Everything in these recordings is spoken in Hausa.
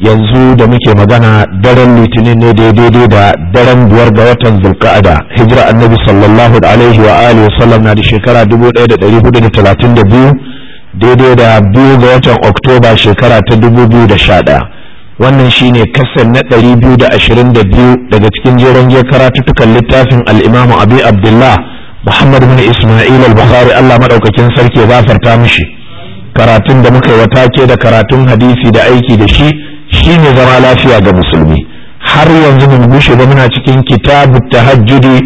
yanzu da muke magana daren litinin ne daidai da daren biyar ga watan zulka'ada hijira annabi sallallahu alaihi wa alihi wa sallam na da shekara 1432 daidai da biyu ga watan oktoba shekara ta 2011 wannan shine kasan na 222 daga cikin jeron je karatuttukan littafin al'imamu imamu abi abdullah muhammad bin isma'il al-bukhari allah madaukakin sarki ya gafarta mishi karatun da muka yi wata ke da karatun hadisi da aiki da shi shi ne zama lafiya ga musulmi har yanzu mun gushe ba muna cikin kitabu tahajjudi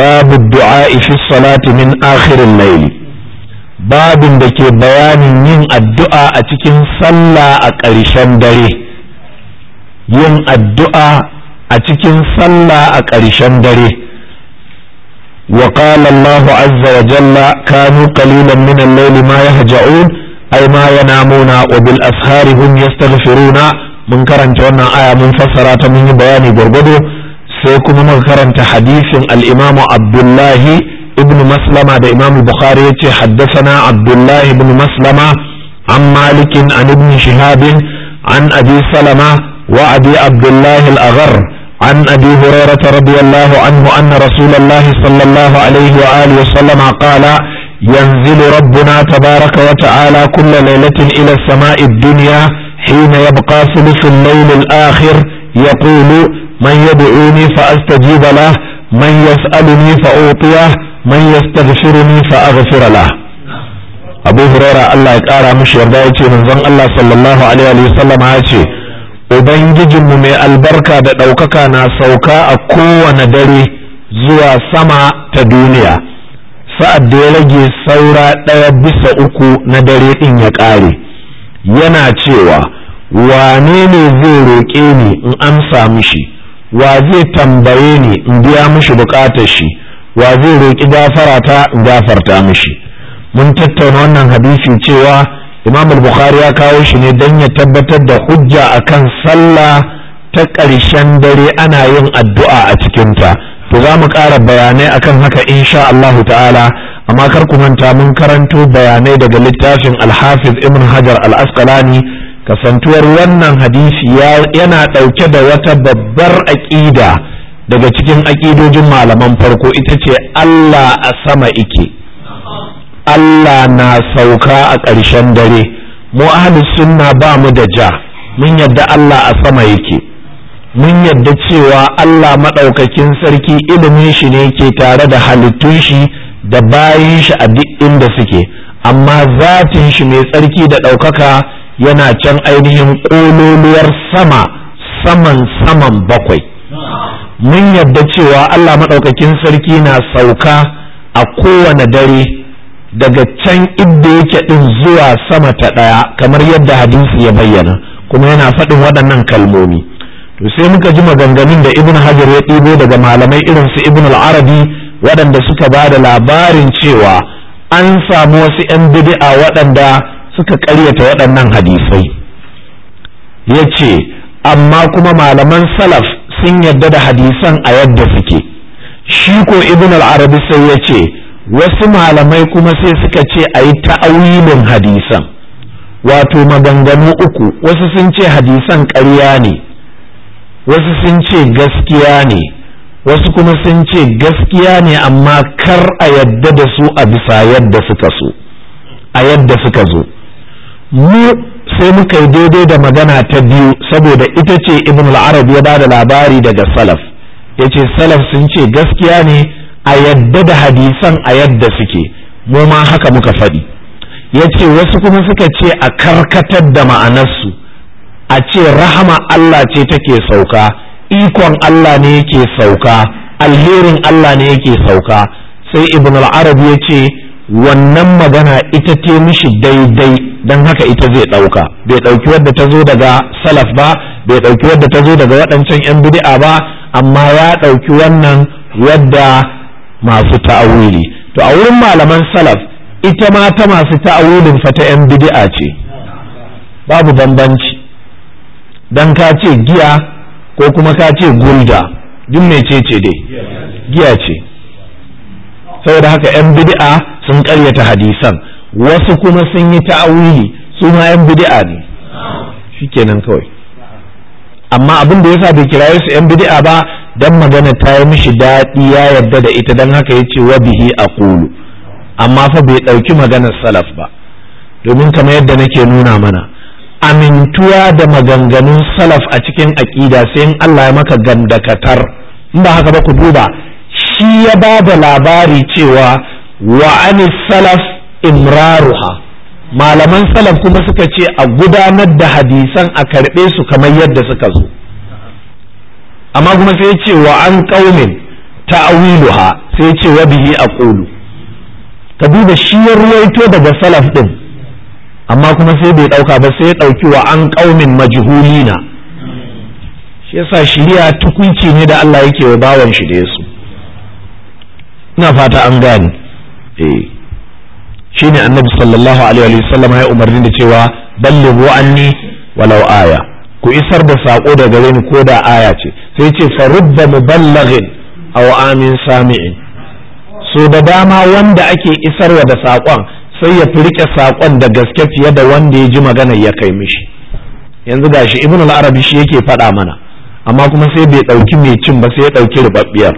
babu du'a fi salati min akhirin layli babin da ke bayanin yin addu'a a cikin sallah a ƙarshen dare yin addu'a a cikin sallah a ƙarshen dare وقال الله عز وجل كانوا قليلا من الليل ما يهجعون أي ما ينامون وبالأسهار هم يستغفرون mun karanta wannan aya mun fassara ta mun yi bayani gwargwado sai kuma mun karanta hadisin al-imamu abdullahi ibn maslama da imamu bukhari ya ce haddasana abdullahi ibn maslama an malikin an ibn shihabin an abi salama wa abi abdullahi al-aghar عن أبي هريرة رضي الله عنه أن رسول الله wa الله عليه وآله ينزل ربنا تبارك وتعالى كل ليلة إلى السماء الدنيا حين يبقى ثلث الليل الآخر يقول من يدعوني فأستجيب له من يسألني فأعطيه من يستغفرني فأغفر له أبو هريرة الله يقارى مش يرضى من ظن الله صلى الله عليه وسلم عاشي Ubangijinmu mai albarka da ɗaukaka na sauka a kowane dare zuwa sama ta duniya, sa'ad da ya rage saura ɗaya bisa uku na dare ɗin ya ƙare. yana cewa wane ne zai roƙe ni in amsa mishi wa zai tambaye ni in biya mishi buƙatar shi wa zai roƙi gafarata in gafarta mishi mun tattauna wannan hadisi cewa imam bukhari ya kawo shi ne don ya tabbatar da hujja akan sallah ta ƙarshen dare ana yin addu'a a cikin ta to za mu ƙara bayanai akan haka insha Allahu ta'ala amma kar ku manta mun karanto bayanai daga littafin alhafiz ibn hajar al-asqalani kasantuwar wannan hadisi yana ɗauke da wata babbar aƙida daga cikin aƙidojin malaman farko ita ce allah a sama ike allah na sauka a ƙarshen dare mu ahli sunna ba mu da ja mun yadda allah a sama yake mun yadda cewa allah maɗaukakin sarki ilimin shi ne ke tare da halittun shi da bayan shi a duk inda suke amma zatin shi mai tsarki da ɗaukaka yana can ainihin ƙololuwar sama saman saman bakwai mun yadda cewa Allah maɗaukakin sarki na sauka a kowane dare daga can inda yake ɗin zuwa sama ta ɗaya kamar yadda hadisi ya bayyana kuma yana faɗin waɗannan kalmomi to sai muka ji maganganun da ibn hajar ya ɗibo daga malamai irin su ibn al-arabi waɗanda suka ba da labarin cewa an samu wasu 'yan bid'a waɗanda suka ƙaryata waɗannan hadisai ya ce amma kuma malaman salaf sun yadda da hadisan a yadda suke shi ko ibn al-arabi sai ya ce wasu malamai kuma sai suka ce a yi ta'awilin hadisan wato maganganu uku wasu sun ce hadisan ƙarya ne wasu sun ce gaskiya ne wasu kuma sun ce gaskiya ne amma kar a yadda da su a bisa yadda suka so a yadda suka zo mu sai muka yi daidai da magana ta biyu saboda ita ce ibn al-arabi ya bada labari daga salaf ya ce salaf sun ce gaskiya ne a yadda da hadisan a yadda suke mu ma haka muka faɗi ya ce wasu kuma suka ce a karkatar da ma'anarsu a ce rahama Allah ce take sauka ikon Allah ne yake sauka alherin Allah ne yake sauka sai ibn al-arabi ya ce wannan magana ita ce mishi daidai don haka ita zai ɗauka bai ɗauki wadda ta zo daga salaf ba bai ɗauki wadda ta zo daga waɗancan 'yan bid'a ba amma ya ɗauki wannan wadda masu ta'awili to a wurin malaman salaf ita ma ta masu ta'awulin fa ta 'yan bid'a ce babu bambanci don ka ce giya ko kuma ka ce gulda duk ce dai giya ce saboda haka yan bid'a sun karyata hadisan wasu kuma sun yi ta'awili su ma yan bid'a ne kenan kawai amma abin da yasa bai kiraye su yan bid'a ba dan magana ta yi mishi daɗi ya yarda da ita dan haka yace wa bihi a Kulu. amma fa bai ɗauki maganar salaf ba domin kamar yadda nake nuna mana amintuwa da maganganun salaf a cikin aƙida sai in Allah ya maka gandakatar in ba haka ba ku duba shi ya ba da labari cewa wa salaf imraruha malaman salaf kuma suka ce a gudanar da hadisan a karɓe su kamar yadda suka zo amma kuma sai ce wa an ƙaumin ta'awiluha sai ce wa bihi aqulu ka duba shi ya ruwaito daga salaf din amma kuma sai bai ɗauka ba sai ya ɗauki wa an ƙaumin majhulina shi yasa shiriya tukunci ne da Allah yake wa bawan shi da yasu ina fata an gane eh shine annabi sallallahu alaihi wa sallam ya umarni da cewa ballighu anni walau aya ku isar da sako da gare ni ko da aya ce sai ce farubba muballighin aw amin sami'in so da dama wanda ake isarwa da sakon sai ya fi rike saƙon da gaske fiye da wanda ya ji magana ya kai mishi yanzu gashi ibn al-arabi shi yake faɗa mana amma kuma sai bai ɗauki mai cin ba sai ya ɗauki rubabbiyar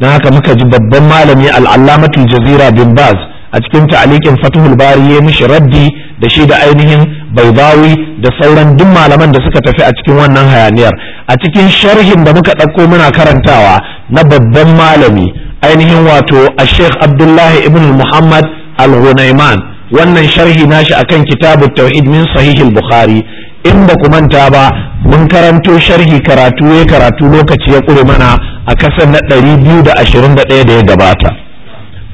don haka muka ji babban malami al'allamatul jazira bin baz a cikin ta'alikin fatuhul bari ya mishi raddi da shi da ainihin baibawi da sauran duk malaman da suka tafi a cikin wannan hayaniyar a cikin sharhin da muka ɗauko muna karantawa na babban malami ainihin wato a sheikh abdullahi ibn muhammad al wannan sharhi nashi akan kitabut tauhid min sahih bukhari in ba ku manta ba mun karanto sharhi karatu ya karatu lokaci ya kure mana a kasar na 221 da ya gabata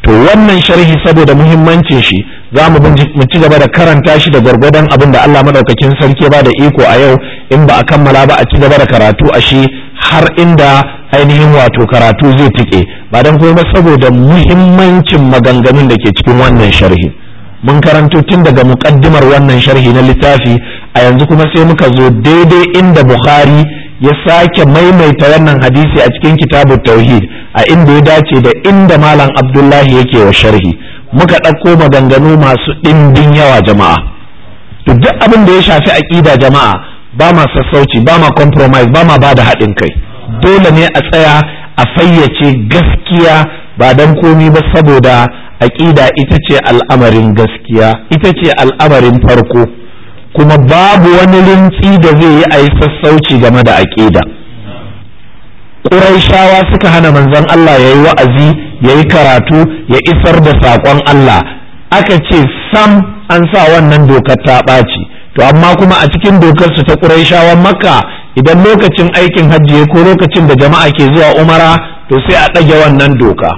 to wannan sharhi saboda muhimmancin shi za mu ci gaba da karanta shi da gwargwadon abin da Allah madaukakin sarki ba da iko a yau in ba a kammala ba a ci gaba da karatu a shi har inda ainihin wato karatu zai tike ba don kuma saboda muhimmancin maganganun da ke cikin wannan sharhi mun karanto tun daga muƙaddimar wannan sharhi na littafi a yanzu kuma sai muka zo daidai inda bukhari ya sake maimaita wannan hadisi a cikin kitabu tauhid a inda ya dace da inda malam abdullahi yake wa sharhi muka ɗauko maganganu masu ɗimbin yawa jama'a to duk abin da ya shafi aƙida jama'a ba ma sassauci ba ma compromise ba ma ba da haɗin kai dole ne a tsaya a fayyace gaskiya ba don komi ba saboda aƙida ita ce al'amarin gaskiya ita ce al'amarin farko kuma babu wani rintsi da zai yi a yi sassauci game da aƙida ƙuraishawa suka hana manzon Allah ya yi wa'azi ya yi karatu ya isar da saƙon Allah aka ce sam an sa wannan dokar ta ɓaci to amma kuma a cikin dokarsu ta ƙuraishawa makka idan lokacin aikin hajji ko lokacin da jama'a ke zuwa umara to sai a ɗage wannan doka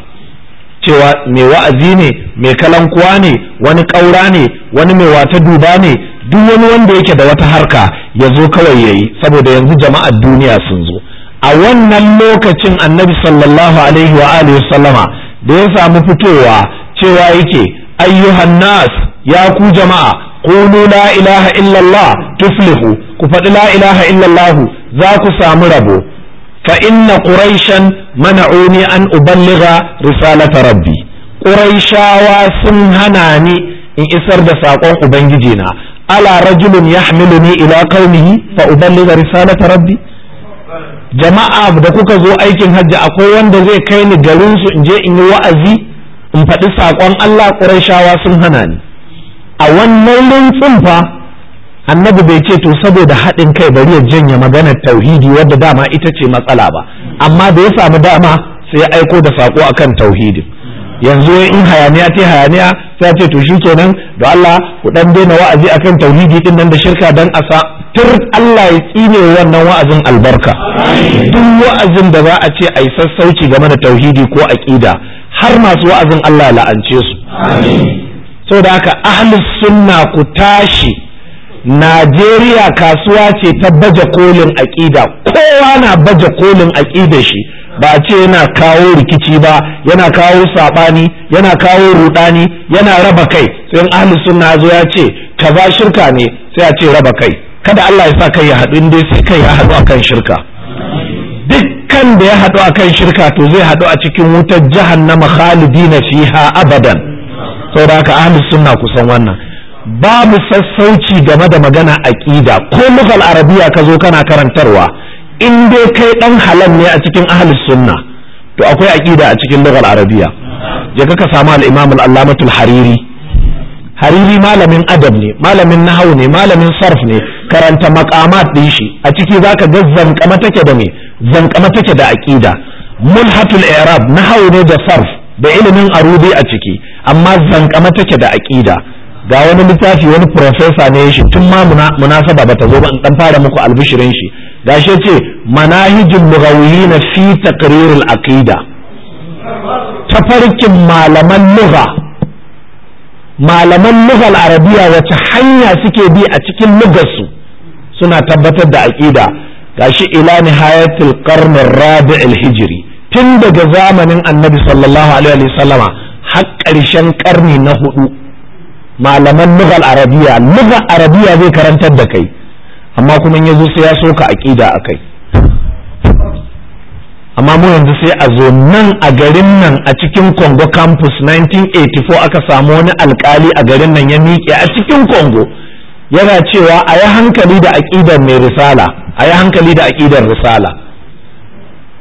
cewa mai wa'azi ne mai kalankuwa ne wani ƙaura ne wani mai wata duba ne duk wani wanda yake da wata harka ya zo kawai ya yi saboda yanzu jama'ar duniya sun zo a wannan lokacin annabi sallallahu alaihi wa alihi sallama da ya samu fitowa cewa yake ayyuhan nas ya ku jama'a qulu la ilaha illallah tuflihu ku faɗi la ilaha illallah za ku samu rabo fa inna quraishan mana'uni an uballigha risalata rabbi quraishawa sun hana ni in isar da sakon ubangiji na ala rajulun yahmiluni ila qaumihi fa uballigha risalata rabbi jama'a da kuka zo aikin hajji akwai wanda zai kai ni garin in je in yi wa'azi in faɗi saƙon Allah ƙurashawa sun hana ni a wannan rintsin fa annabi bai ce to saboda haɗin kai bari ya janye maganar tauhidi wadda dama ita ce matsala ba amma da ya samu dama sai ya aiko da sako akan tauhidi. yanzu in hayaniya ta hayaniya ta ce to shi kenan da Allah ku dan daina wa'azi akan tauhidi din nan da shirka dan asa tur Allah ya tsine wannan wa'azin albarka duk wa'azin da za a ce ai sassauci game da tauhidi ko aqida har masu wa'azin Allah la'ance su da haka ahli sunna ku tashi Najeriya kasuwa ce ta baje kolin aƙida kowa na baje kolin aƙida shi ba a ce yana kawo rikici ba yana kawo saɓani yana kawo rudani yana raba kai sai in ahli sunna zo ya ce ba shirka ne sai a ce raba kai kada Allah ya sa kai ya haɗu inda sai kai ya haɗu akan shirka dukkan da ya haɗu akan shirka to zai haɗu a cikin wutar jahannama khalidina fiha abadan saboda haka ahli sunna kusan wannan babu sassauci game da magana aqida ko lugal arabiya ka zo kana karantarwa in dai kai dan halal ne a cikin ahli sunna to akwai aqida a cikin lugal arabiya je ka samu al-imam al-allamatul hariri hariri malamin adab ne malamin nahawu ne malamin sarf ne karanta maqamat din shi a ciki zaka ga zankama take da me zankama take da aqida mulhatul i'rab nahawu ne da sarf da ilimin arubi a ciki amma zankama take da aƙida ga wani littafi wani profesa ne shi tun ma munasaba ba ta zo ba in dan fara muku albishirin shi gashi ce manahijul lughawiyyin fi taqrir al aqida tafarkin malaman lugha malaman lugha al arabiya wace hanya suke bi a cikin lugarsu suna tabbatar da aqida gashi ila nihayatul qarn ar rabi' al hijri tun daga zamanin annabi sallallahu alaihi sallama har ƙarshen ƙarni na hudu malaman lughal arabiya lughal arabiya zai karantar da kai amma kuma ya zo sai ya soka aqida akai amma mu yanzu sai a zo nan a garin nan a cikin Congo campus 1984 aka samu wani alkali a garin nan ya miƙe a cikin Congo yana cewa a yi hankali da aƙidar mai risala a yi hankali da aƙidar risala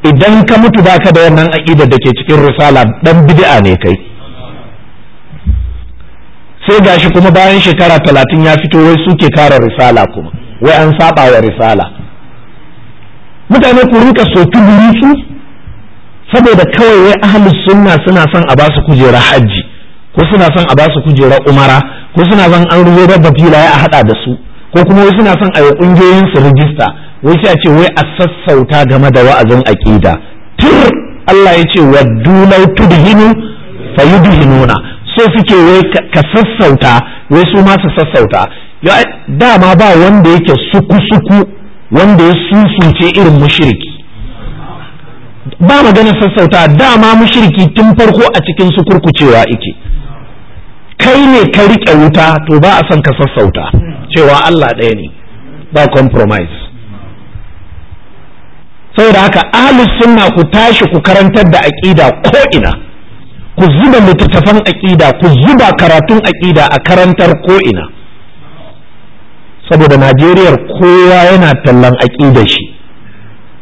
idan ka mutu ka da wannan aqidar da ke cikin risala ɗan bid'a ne kai sai gashi kuma bayan shekara talatin ya fito wai suke kare risala kuma wai an saba wa risala mutane ku rinka soki su saboda kawai wai ahlus sunna suna son a basu kujera hajji ko suna son a basu kujera umara ko suna son an rubo da filaye a hada da su ko kuma wai suna son a yi kungiyoyin su rijista wai sai a ce wai a sassauta game da wa'azin aqida tur Allah ya ce waddu law tudhinu fayudhinuna so suke wai ka sassauta wai su ma su sassauta dama ba wanda yake suku suku wanda ya susuce irin mushriki ba magana sassauta dama mushriki tun farko a cikin su kurkucewa ike kai ne ka riƙe wuta to ba a son ka sassauta cewa Allah ɗaya ne ba compromise saboda haka ahlus sunna ku tashi ku karantar da aqida ko ina ku zuba littattafan aqida ku zuba karatun aqida a karantar ko ina saboda Najeriya kowa yana tallan aqidar shi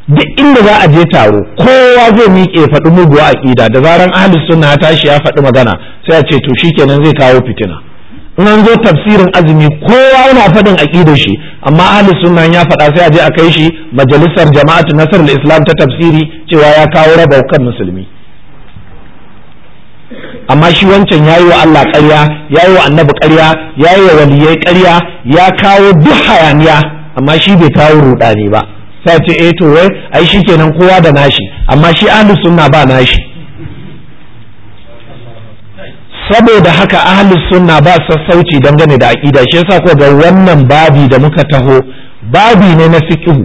duk inda za a je taro kowa zai miƙe faɗi muguwa aƙida da zaran ahlus sunna ta tashi ya faɗi magana sai a ce to shikenan zai kawo fitina in an zo tafsirin azumi kowa yana faɗin aƙidar shi amma ahli sunna ya faɗa sai a je a kai shi majalisar jama'atu nasarar islam ta tafsiri cewa ya kawo raba kan musulmi amma shi wancan yayi wa Allah ƙarya yayi wa annabi ƙarya yayi wa waliyai ƙarya ya kawo duk hayaniya amma shi bai kawo ruɗani ba sai ce eh to wai ai shikenan kowa da nashi amma shi ahli sunna ba nashi saboda haka ahlus sunna ba sassauci dangane da aqida shi yasa ko ga wannan babi da muka taho babi ne na fiqhu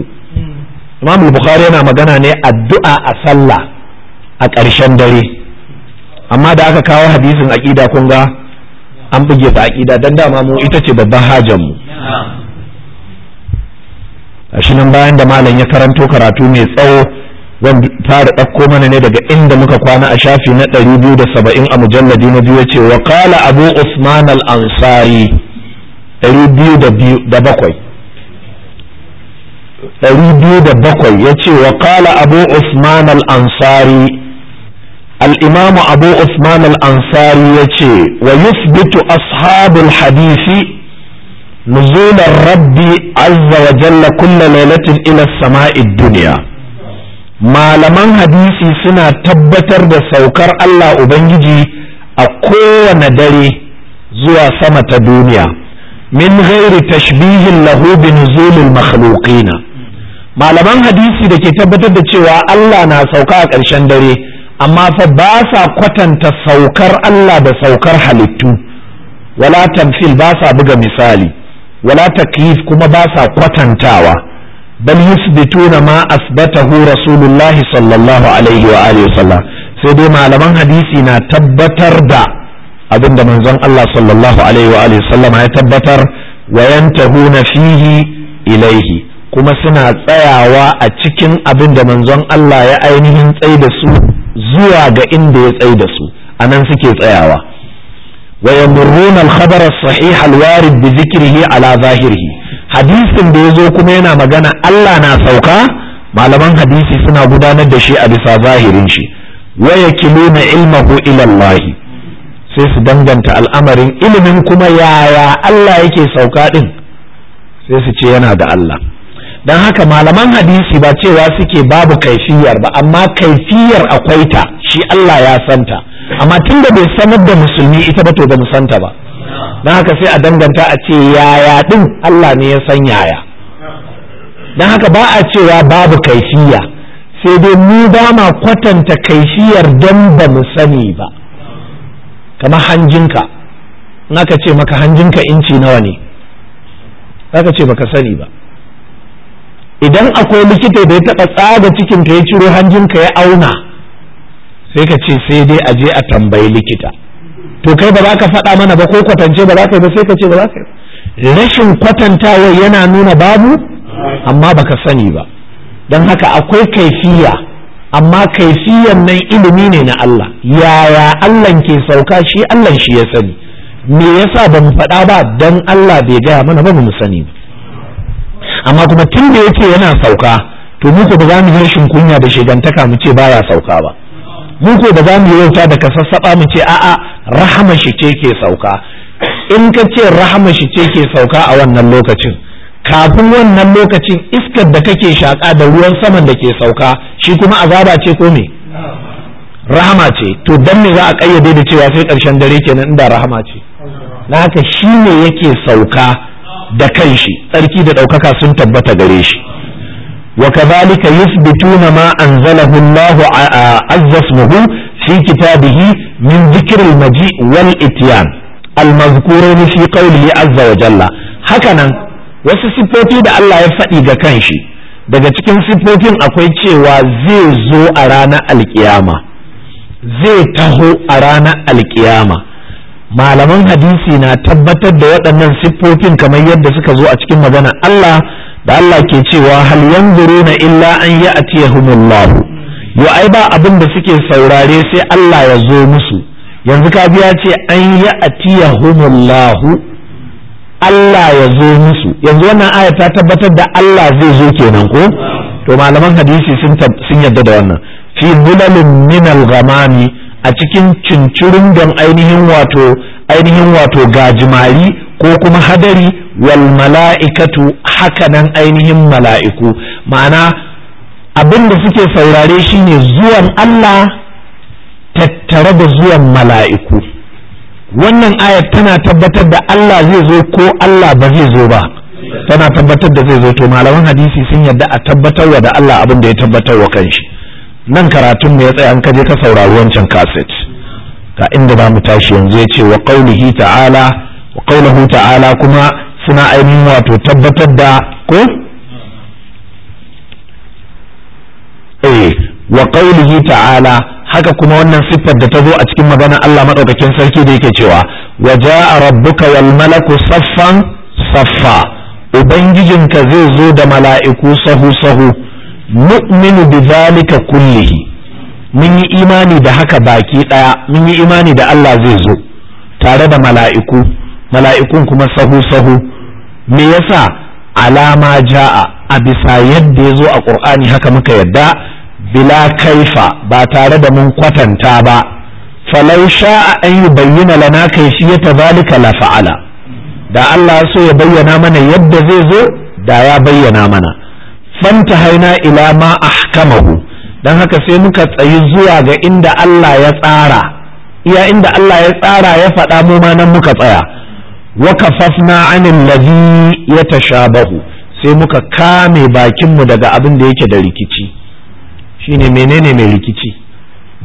Imam Bukhari yana magana ne addu'a a sallah a ƙarshen dare amma da aka kawo hadisin aqida kun ga an buge ta aqida dan dama mu ita ce babban hajar mu shi nan bayan da malam ya karanto karatu mai tsawo zan fara ɗauko mana ne daga inda muka kwana a shafi na ɗari biyu da saba'in a mujalladi na biyu ce wa kala abu usman al-ansari ɗari biyu da bakwai ɗari biyu da bakwai ya ce wa kala abu usman al-ansari الإمام أبو عثمان الأنصاري يتي ويثبت أصحاب الحديث نزول الرب عز وجل كل ليلة إلى السماء الدنيا malaman hadisi suna tabbatar da saukar Allah Ubangiji a kowane dare zuwa sama ta duniya min ghairi tashbihin lahu bi nuzulil makhluqina malaman hadisi da ke tabbatar da cewa Allah na sauka a ƙarshen dare amma fa ba sa kwatanta saukar Allah da saukar halittu wala tamfil ba sa buga misali wala takyif kuma ba sa kwatantawa bal yusbituna ma asbatahu rasulullahi sallallahu alaihi wa alihi wasallam sai dai malaman hadisi na tabbatar da abin manzon Allah sallallahu alaihi wa alihi ya tabbatar wa yantahuna fihi ilaihi kuma suna tsayawa a cikin abinda manzon Allah ya ainihin tsai da su zuwa ga inda ya tsai da su anan suke tsayawa wa yamurruna al-khabar as bi dhikrihi ala zahirhi? hadisin da ya zo kuma yana magana Allah na sauka malaman hadisi suna gudanar da shi a bisa zahirin shi waya kiluna ilmahu ila Allah sai su danganta al'amarin ilimin kuma yaya Allah yake sauka din sai su ce yana da Allah dan haka malaman hadisi ba cewa suke babu kaifiyar ba amma kaifiyar akwai ta shi Allah ya santa amma tunda bai sanar da musulmi ita ba to ba mu santa ba don haka sai a danganta a ce yaya din Allah ne ya san yaya don haka ba a cewa babu kaifiya sai dai mu ba ma kwatanta kaifiyar don ba mu sani ba kamar hanjinka in aka ce maka hanjinka inci nawa ne aka ce baka sani ba idan akwai likita da ya taɓa tsaga cikinka ya ciro hanjinka ya auna sai ka ce sai dai a je a tambayi likita to kai ba za ka faɗa mana ba ko kwatance ba za ka yi ba sai ka ce ba za ka yi rashin kwatantawa yana nuna babu amma baka sani ba don haka akwai kaifiya amma kaifiyan nan ilimi ne na Allah yaya Allah ke sauka shi Allah shi ya sani me yasa ba mu faɗa ba don Allah bai gaya mana ba mu sani ba amma kuma tun da yake yana sauka to muku ba za mu rashin kunya da shigantaka mu ce baya sauka ba mu ko ba za mu yi wauta da ka sassaɓa mu ce a'a rahama shi ce ke sauka in ka ce rahama shi ce ke sauka a wannan lokacin kafin wannan lokacin iskar da kake shaka da ruwan saman da ke sauka shi kuma azaba ce ko me rahama ce to dan me za a kayyade da cewa sai karshen dare kenan inda rahama ce na haka shi ne yake sauka da kanshi tsarki da ɗaukaka sun tabbata gare shi وكذلك يثبتون ما أنزله الله عز اسمه في كتابه من ذكر المجيء والإتيان المذكورين في قوله عز وجل هكذا wasu siffofi da Allah ya faɗi ga kanshi daga cikin siffofin akwai cewa zai zo a ranar alkiyama zai taho a ranar alkiyama malaman hadisi na tabbatar da waɗannan siffofin kamar yadda suka zo a cikin maganar Allah da Allah ke cewa hal yanzuruna illa an Allah yo ai ba abin da suke saurare sai Allah ya zo musu yanzu ka biya ce an ya'tiyahumullah Allah ya zo musu yanzu wannan aya ta tabbatar da Allah zai zo kenan ko to malaman hadisi sun sun yadda da wannan fi bulalin min al-ghamami a cikin cincirin ainihin wato ainihin wato gajimari ko kuma hadari wal mala'ikatu hakanan ainihin mala'iku ma'ana abin da suke saurare shine zuwan Allah tattare da zuwan mala'iku wannan ayar tana tabbatar da Allah zai zo ko Allah ba zai zo ba tana tabbatar da zai zo to malaman hadisi sun yadda a tabbatar wa da Allah abin da ya tabbatar wa kanshi nan karatun mu ya tsaya an kaje ka saurari wancan kaset ka inda ba mu tashi yanzu ya ce wa ta'ala wa ta'ala kuma suna ainihin wato tabbatar da ko eh wa qawlihi ta'ala haka kuma wannan siffar da ta zo a cikin maganar Allah madaukakin sarki da yake cewa wa jaa rabbuka wal malaku saffan saffa ka zai zo da mala'iku sahu sahu mu'minu bi zalika kullihi mun yi imani da haka baki daya mun yi imani da Allah zai zo tare da mala'iku mala'ikun kuma sahu sahu me yasa alama ja'a a bisa yadda ya zo a ƙur'ani haka muka yadda bila kaifa ba tare da mun kwatanta ba falau sha'a an yi bayyana lana ya zalika la fa'ala da Allah so ya bayyana mana yadda zai zo da ya bayyana mana fanta haina ila ma ahkamahu dan haka sai muka tsayi zuwa ga inda Allah ya tsara iya inda Allah ya tsara ya faɗa mu ma nan muka tsaya wa kafafna anil ladhi yatashabahu sai muka kame bakin mu daga abin da yake da rikici shine menene mai rikici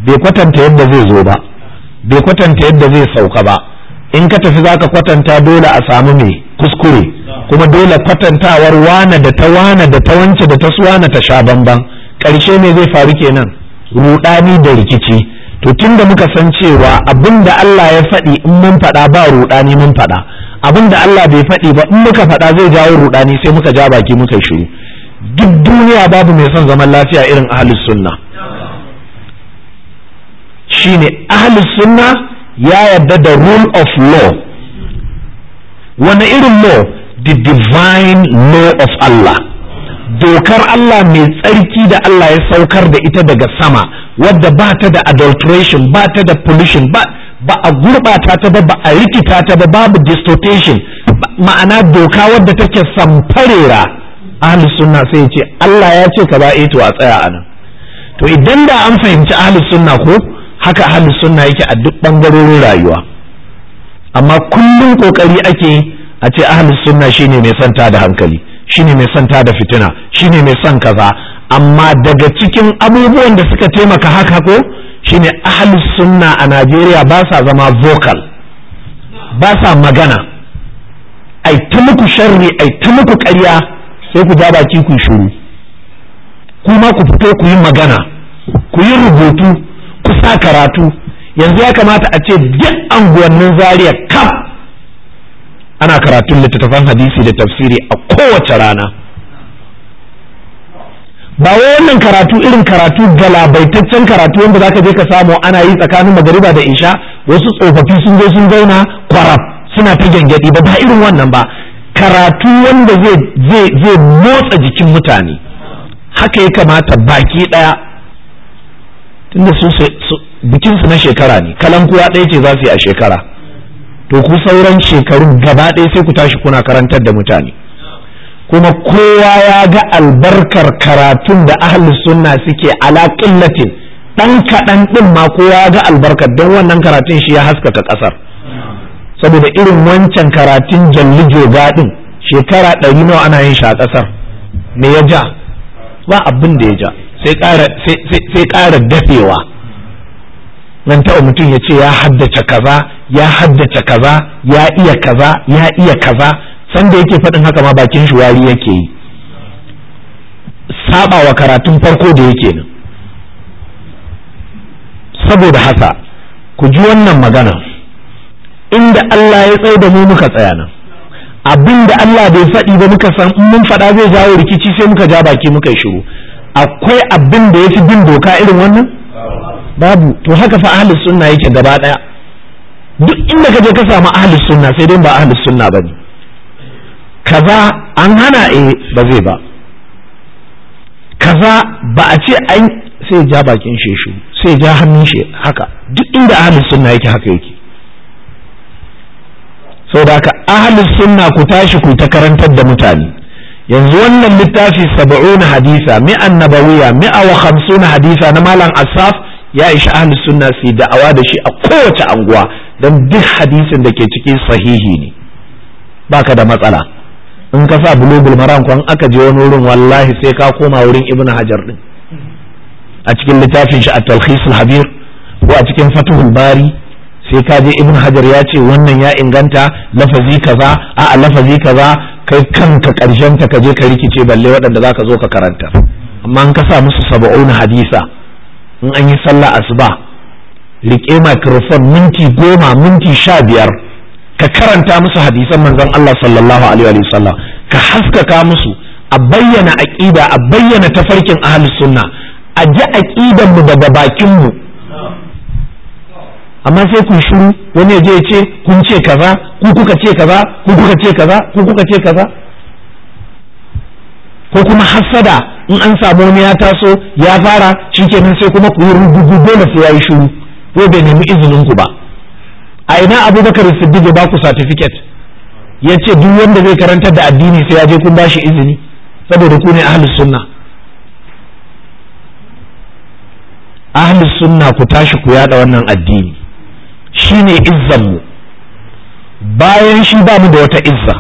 bai kwatanta yadda zai zo ba bai kwatanta yadda zai sauka ba in ka tafi zaka kwatanta dole a samu mai kuskure kuma dole kwatantawar wana da ta wana da ta wance da ta suwana ta sha bamban Karshe ne zai faru kenan ruɗani da rikici to tunda muka san cewa abinda Allah ya faɗi in mun faɗa ba ruɗani mun faɗa abin da Allah bai faɗi ba in muka faɗa zai jawo rudani sai muka ja baki muka shiru duk duniya babu mai son zaman lafiya irin ahlus sunna shine ahlus sunna ya yarda da rule of law wani irin law the divine law of Allah dokar Allah mai tsarki da Allah ya saukar da ita daga sama wadda ba ta da adulteration ba ta da pollution ba ba a gurɓata ta ba ba a rikita ta ba babu distortation ma'ana doka wadda take samfarera ahli sunna sai ya ce Allah ya ce ka ba eh to a tsaya a nan to idan da an fahimci ahli sunna ko haka ahli sunna yake a duk bangarorin rayuwa amma kullum kokari ake a ce ahli sunna shine mai santa da hankali shine mai santa da fitina shine mai son kaza amma daga cikin abubuwan da suka taimaka haka ko shine ahlus sunna a Najeriya ba sa zama vocal ba sa magana ai ta muku sharri ai ta muku ƙarya sai ku baki ku shuru kuma ku fito ku yi magana ku yi rubutu ku sa karatu yanzu ya kamata a ce duk anguwannin Zariya kaf ana karatun littattafan hadisi da tafsiri a kowace rana ba wannan karatu irin karatu galabaitaccen karatu wanda ka je ka samu ana yi tsakanin magariba da isha wasu tsofaffi sun zo sun zauna kwarab suna ta gyangyaɗi ba ba irin wannan ba karatu wanda zai motsa jikin mutane haka ya kamata baki ɗaya tunda su bikinsu na shekara ne kalan kuwa ɗaya ce za su yi a shekara to ku sauran shekaru gaba ɗaya sai ku tashi kuna karantar da mutane kuma kowa ya ga albarkar karatun da ahli sunna suke ala qillatin dan kaɗan ɗin ma kowa ya ga albarkar don wannan karatun shi ya haskaka ƙasar saboda irin wancan karatun jalli joga ɗin shekara ɗari nawa ana yin shi a ƙasar me ya ja ba abin da ya ja sai ƙara dafewa nan taɓa mutum ya ce ya haddace kaza ya haddace kaza ya iya kaza ya iya kaza sanda yake faɗin haka ma bakin shi wari yake yi saba wa karatun farko da yake nan saboda haka ku ji wannan magana inda Allah ya tsaye da mu muka tsaya nan abin da Allah bai faɗi ba muka san mun faɗa zai jawo rikici sai muka ja baki muka yi shiru akwai abin da ya bin doka irin wannan babu to haka fa ahlus sunna yake gaba ɗaya duk inda ka je ka samu ahlus sunna sai dai ba ahlus sunna bane kaza an hana eh ba zai ba kaza ba a ce an sai ja bakin sheshu sai ja hannun shi haka duk inda ahalin sunna yake haka yake da aka ahalin sunna ku tashi ku ta karantar da mutane yanzu wannan littafi saba'una hadisa mi'an nabawiya mi'a wa khamsuna hadisa na malam asaf ya ishi ahalin sunna su da'awa da shi a kowace anguwa don duk hadisin da ke ciki sahihi ne baka da matsala in ka sa bulugul maram kwan aka je wani wurin wallahi sai ka koma wurin ibn hajar din a cikin littafin shi a talhis habir ko a cikin fatuhul bari sai ka je ibn hajar ya ce wannan ya inganta lafazi kaza a lafazi kaza kai kanka karshen ta kaje ka rikice balle waɗanda zaka zo ka karanta amma an ka sa musu saba'un hadisa in an yi sallah asuba rike microphone minti goma minti sha biyar ka karanta musu hadisan manzon Allah sallallahu alaihi wa sallam ka haskaka musu a bayyana aqida a bayyana tafarkin ahlus sunna a ji aqidan mu daga bakin mu amma sai kun shiru wani je ce kun ce kaza ku kuka ce kaza ku kuka ce kaza ku kuka ce kaza ko kuma hassada in an samu wani ya taso ya fara shikenan sai kuma ku yi rubutu dole sai yayi shiru ko bai nemi izinin ku ba a ina abubakar siddiq ya ku satifiket ya ce duk wanda zai karantar da addini sai ya je kun bashi izini saboda ku ne ahlus sunna ahlus sunna ku tashi ku yada wannan addini shi izzan mu bayan shi ba mu da wata izza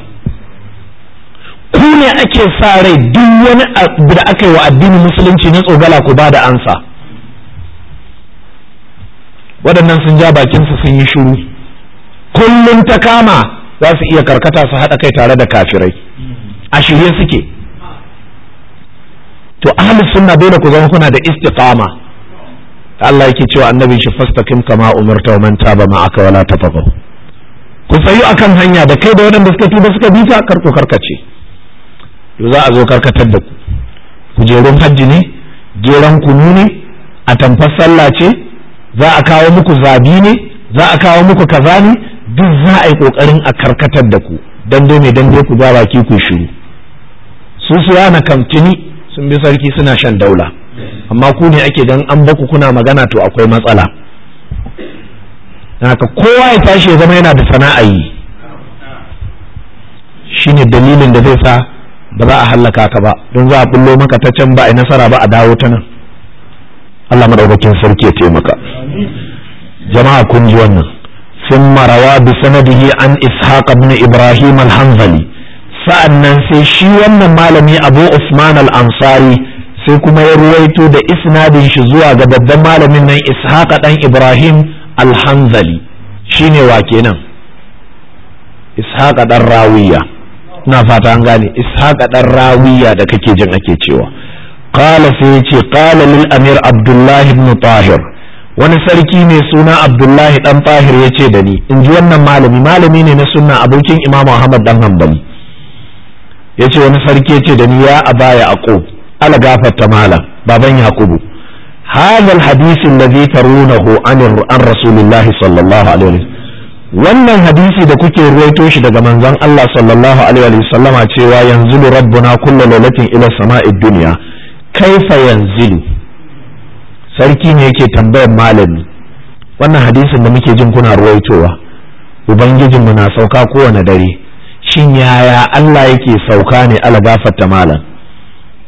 ku ne ake sa rai duk wani abu da aka yi wa addinin musulunci na tsogala ku ba da ansa waɗannan sun ja bakinsu sun yi shiru kullum ta kama za su iya karkata su haɗa kai tare da kafirai a shirye suke to ahlus sunna dole ku zama kuna da istiqama Allah yake cewa annabi shi fastaqim kama umarta wa man taba aka wala tafaqahu ku tsayu akan hanya da kai da waɗanda suka tuba suka bi ta karkace to za a zo karkatar da ku kujerun hajji ne geran kunu ne a tamfar sallah ce za a kawo muku zabi ne za a kawo muku kaza ne duk za a yi kokarin a karkatar da ku dan dai dan dai ku ba baki ku shiru su su yana kamtini sun bi sarki suna shan daula amma ku ne ake dan an baku kuna magana to akwai matsala haka kowa ya tashi ya zama yana da sana'a yi shine dalilin da zai sa ba za a hallaka ka ba don za a bullo maka ta can ba a nasara ba a dawo ta nan Allah madaukakin sarki ya taimaka jama'a kun ji wannan ثم روى بسنده عن إسحاق بن Alhanzali, الحنظلي sa'annan sai shi wannan malami abu usman al-ansari sai kuma ya ruwaito da isnadin shi zuwa ga babban malamin nan ishaqa dan ibrahim Alhanzali, shi ne wa kenan ishaqa dan rawiya na fata an gane ishaqa dan rawiya da kake jin ake cewa Ƙala sai yace qala lil amir abdullahi ibn tahir wani sarki mai suna abdullahi ɗan fahir ya ce da ni in ji wannan malami malami ne na sunna abokin imam ahmad dan hanbali ya ce wani sarki ya ce da ni ya a ya ako ala ta malam baban yakubu hadal hadisin da zai tarunahu an rasulullahi sallallahu alaihi wannan hadisi da kuke ruwaito shi daga manzon Allah sallallahu alaihi wasallama cewa yanzu rabbuna kullu lailatin ila sama'id dunya kaifa yanzilu sarki ne yake tambayar malami wannan hadisin da muke jin kuna ruwaitowa ubangijinmu na sauka kowane dare shin yaya Allah yake sauka ne ala gafarta malam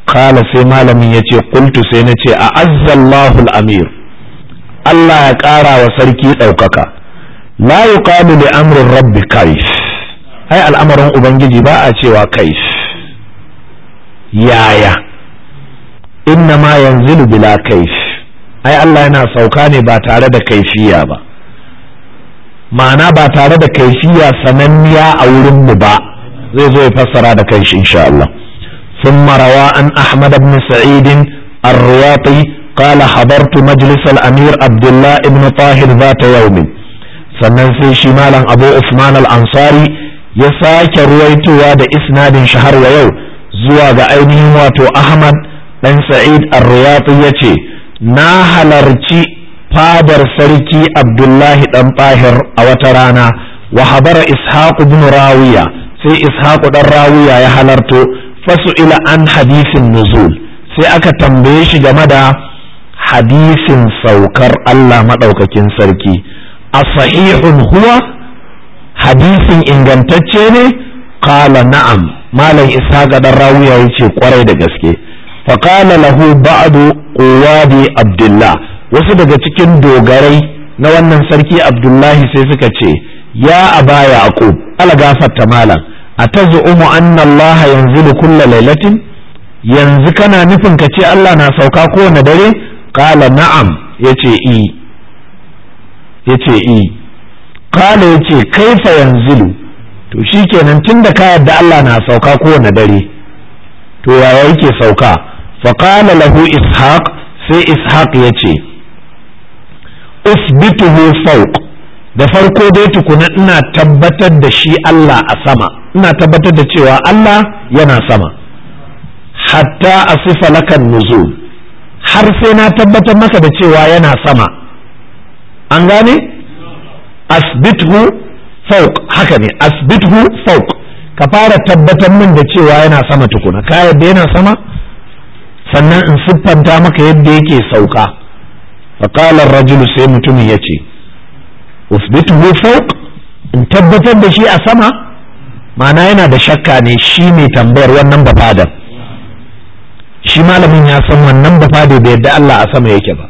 kala sai malamin ya ce kultu sai na ce a azzallahu amir Allah ya ƙara wa sarki ɗaukaka la kwanu li amrin rabbi kais ai al'amarin ubangiji ba a cewa kais yaya inna ma yanzilu bila kais ai Allah yana sauka ne ba tare da kaifiya ba ma'ana ba tare da kaifiya sananniya a wurin mu ba zai zo ya fassara da kai insha Allah ثم روى عن أحمد بن سعيد الرياطي قال حضرت مجلس الأمير عبد الله بن طاهر ذات sannan sai shi malam abu usman al-ansari ya sake ruwaitowa da isnadin shaharwa yau zuwa ga ainihin wato ahmad dan sa'id ar-riyati yace na halarci fadar sarki abdullahi dan bahir a wata rana wa habara ishaq ibn rawiya sai ishaq dan rawiya ya halarto fasu ila an hadisin nuzul sai aka tambaye shi game da hadisin saukar Allah maɗaukakin sarki a sahihun huwa hadisin ingantacce ne qala na'am malam ishaq dan rawiya yace kwarai da gaske faƙala lahu ba'adu quwadi abdullah wasu daga cikin dogarai na wannan sarki abdullahi sai suka ce ya a aba yaqub ta malam atazumu anna allah yanzilu kulla lailatin yanzu kana nufin ka ce allah na sauka kowane dare qala na'am yace i yace i qala yace kaifa yanzilu to shikenan tunda ka yarda allah na sauka kowane dare to yaya yake sauka faƙala lahu ishaq sai ishaq ya ce usbituhu da farko dai tukuna ina tabbatar da shi Allah a sama ina tabbatar da cewa Allah yana sama hatta asifalakan lakan nuzul har sai na tabbatar maka da cewa yana sama an gane asbithu fawq haka ne asbithu fawq ka fara tabbatar min da cewa yana sama tukuna ka yadda yana sama sannan in siffanta maka yadda yake sauka faƙalar rajulu sai mutumin ya ce usbituhu fawq in tabbatar da shi a sama ma'ana yana da shakka ne shi mai tambayar wannan bafadar shi malamin ya san wannan fada da yadda Allah a sama yake ba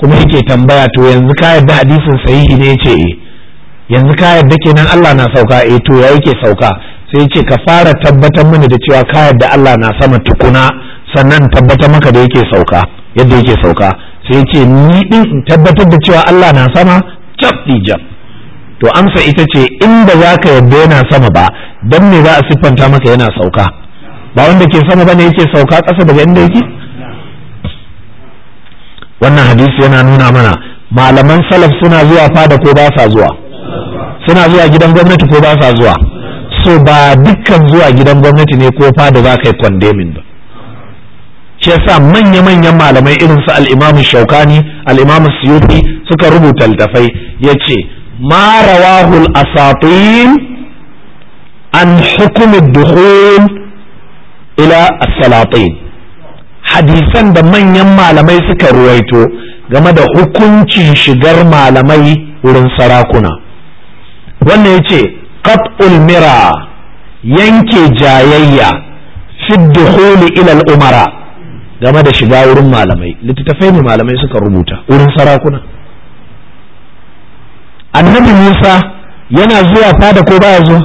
kuma yake tambaya to yanzu ka yadda hadisin sahihi ne yace eh. yanzu ka yadda kenan Allah na sauka eh to ya yake sauka sai yace ka fara tabbatar mini da cewa ka yadda Allah na sama tukuna sannan tabbatar maka da yake sauka yadda yake sauka sai yace ce ni din tabbatar da cewa Allah na sama jab di jab to amsa ita ce inda ba za ka yadda yana sama ba dan me za a siffanta maka yana sauka ba wanda ke sama bane yake sauka kasa daga inda yake wannan hadisi yana nuna mana malaman salaf suna zuwa fada ko ba sa zuwa suna zuwa gidan gwamnati ko ba sa zuwa so ba dukkan zuwa gidan gwamnati ne ko fada za ka yi condemning ba shi yasa manya-manyan malamai irin su al Shaukani al-Imam suka rubuta littafai yace ma rawahu asatin an hukum ad-dukhul ila as hadisan da manyan malamai suka ruwaito game da hukuncin shigar malamai wurin sarakuna wannan yace qat'ul mira yanke jayayya fi dukhuli ila al-umara game da shiga wurin malamai littattafai ne malamai suka rubuta wurin sarakuna annabi musa yana zuwa fada ko baya zuwa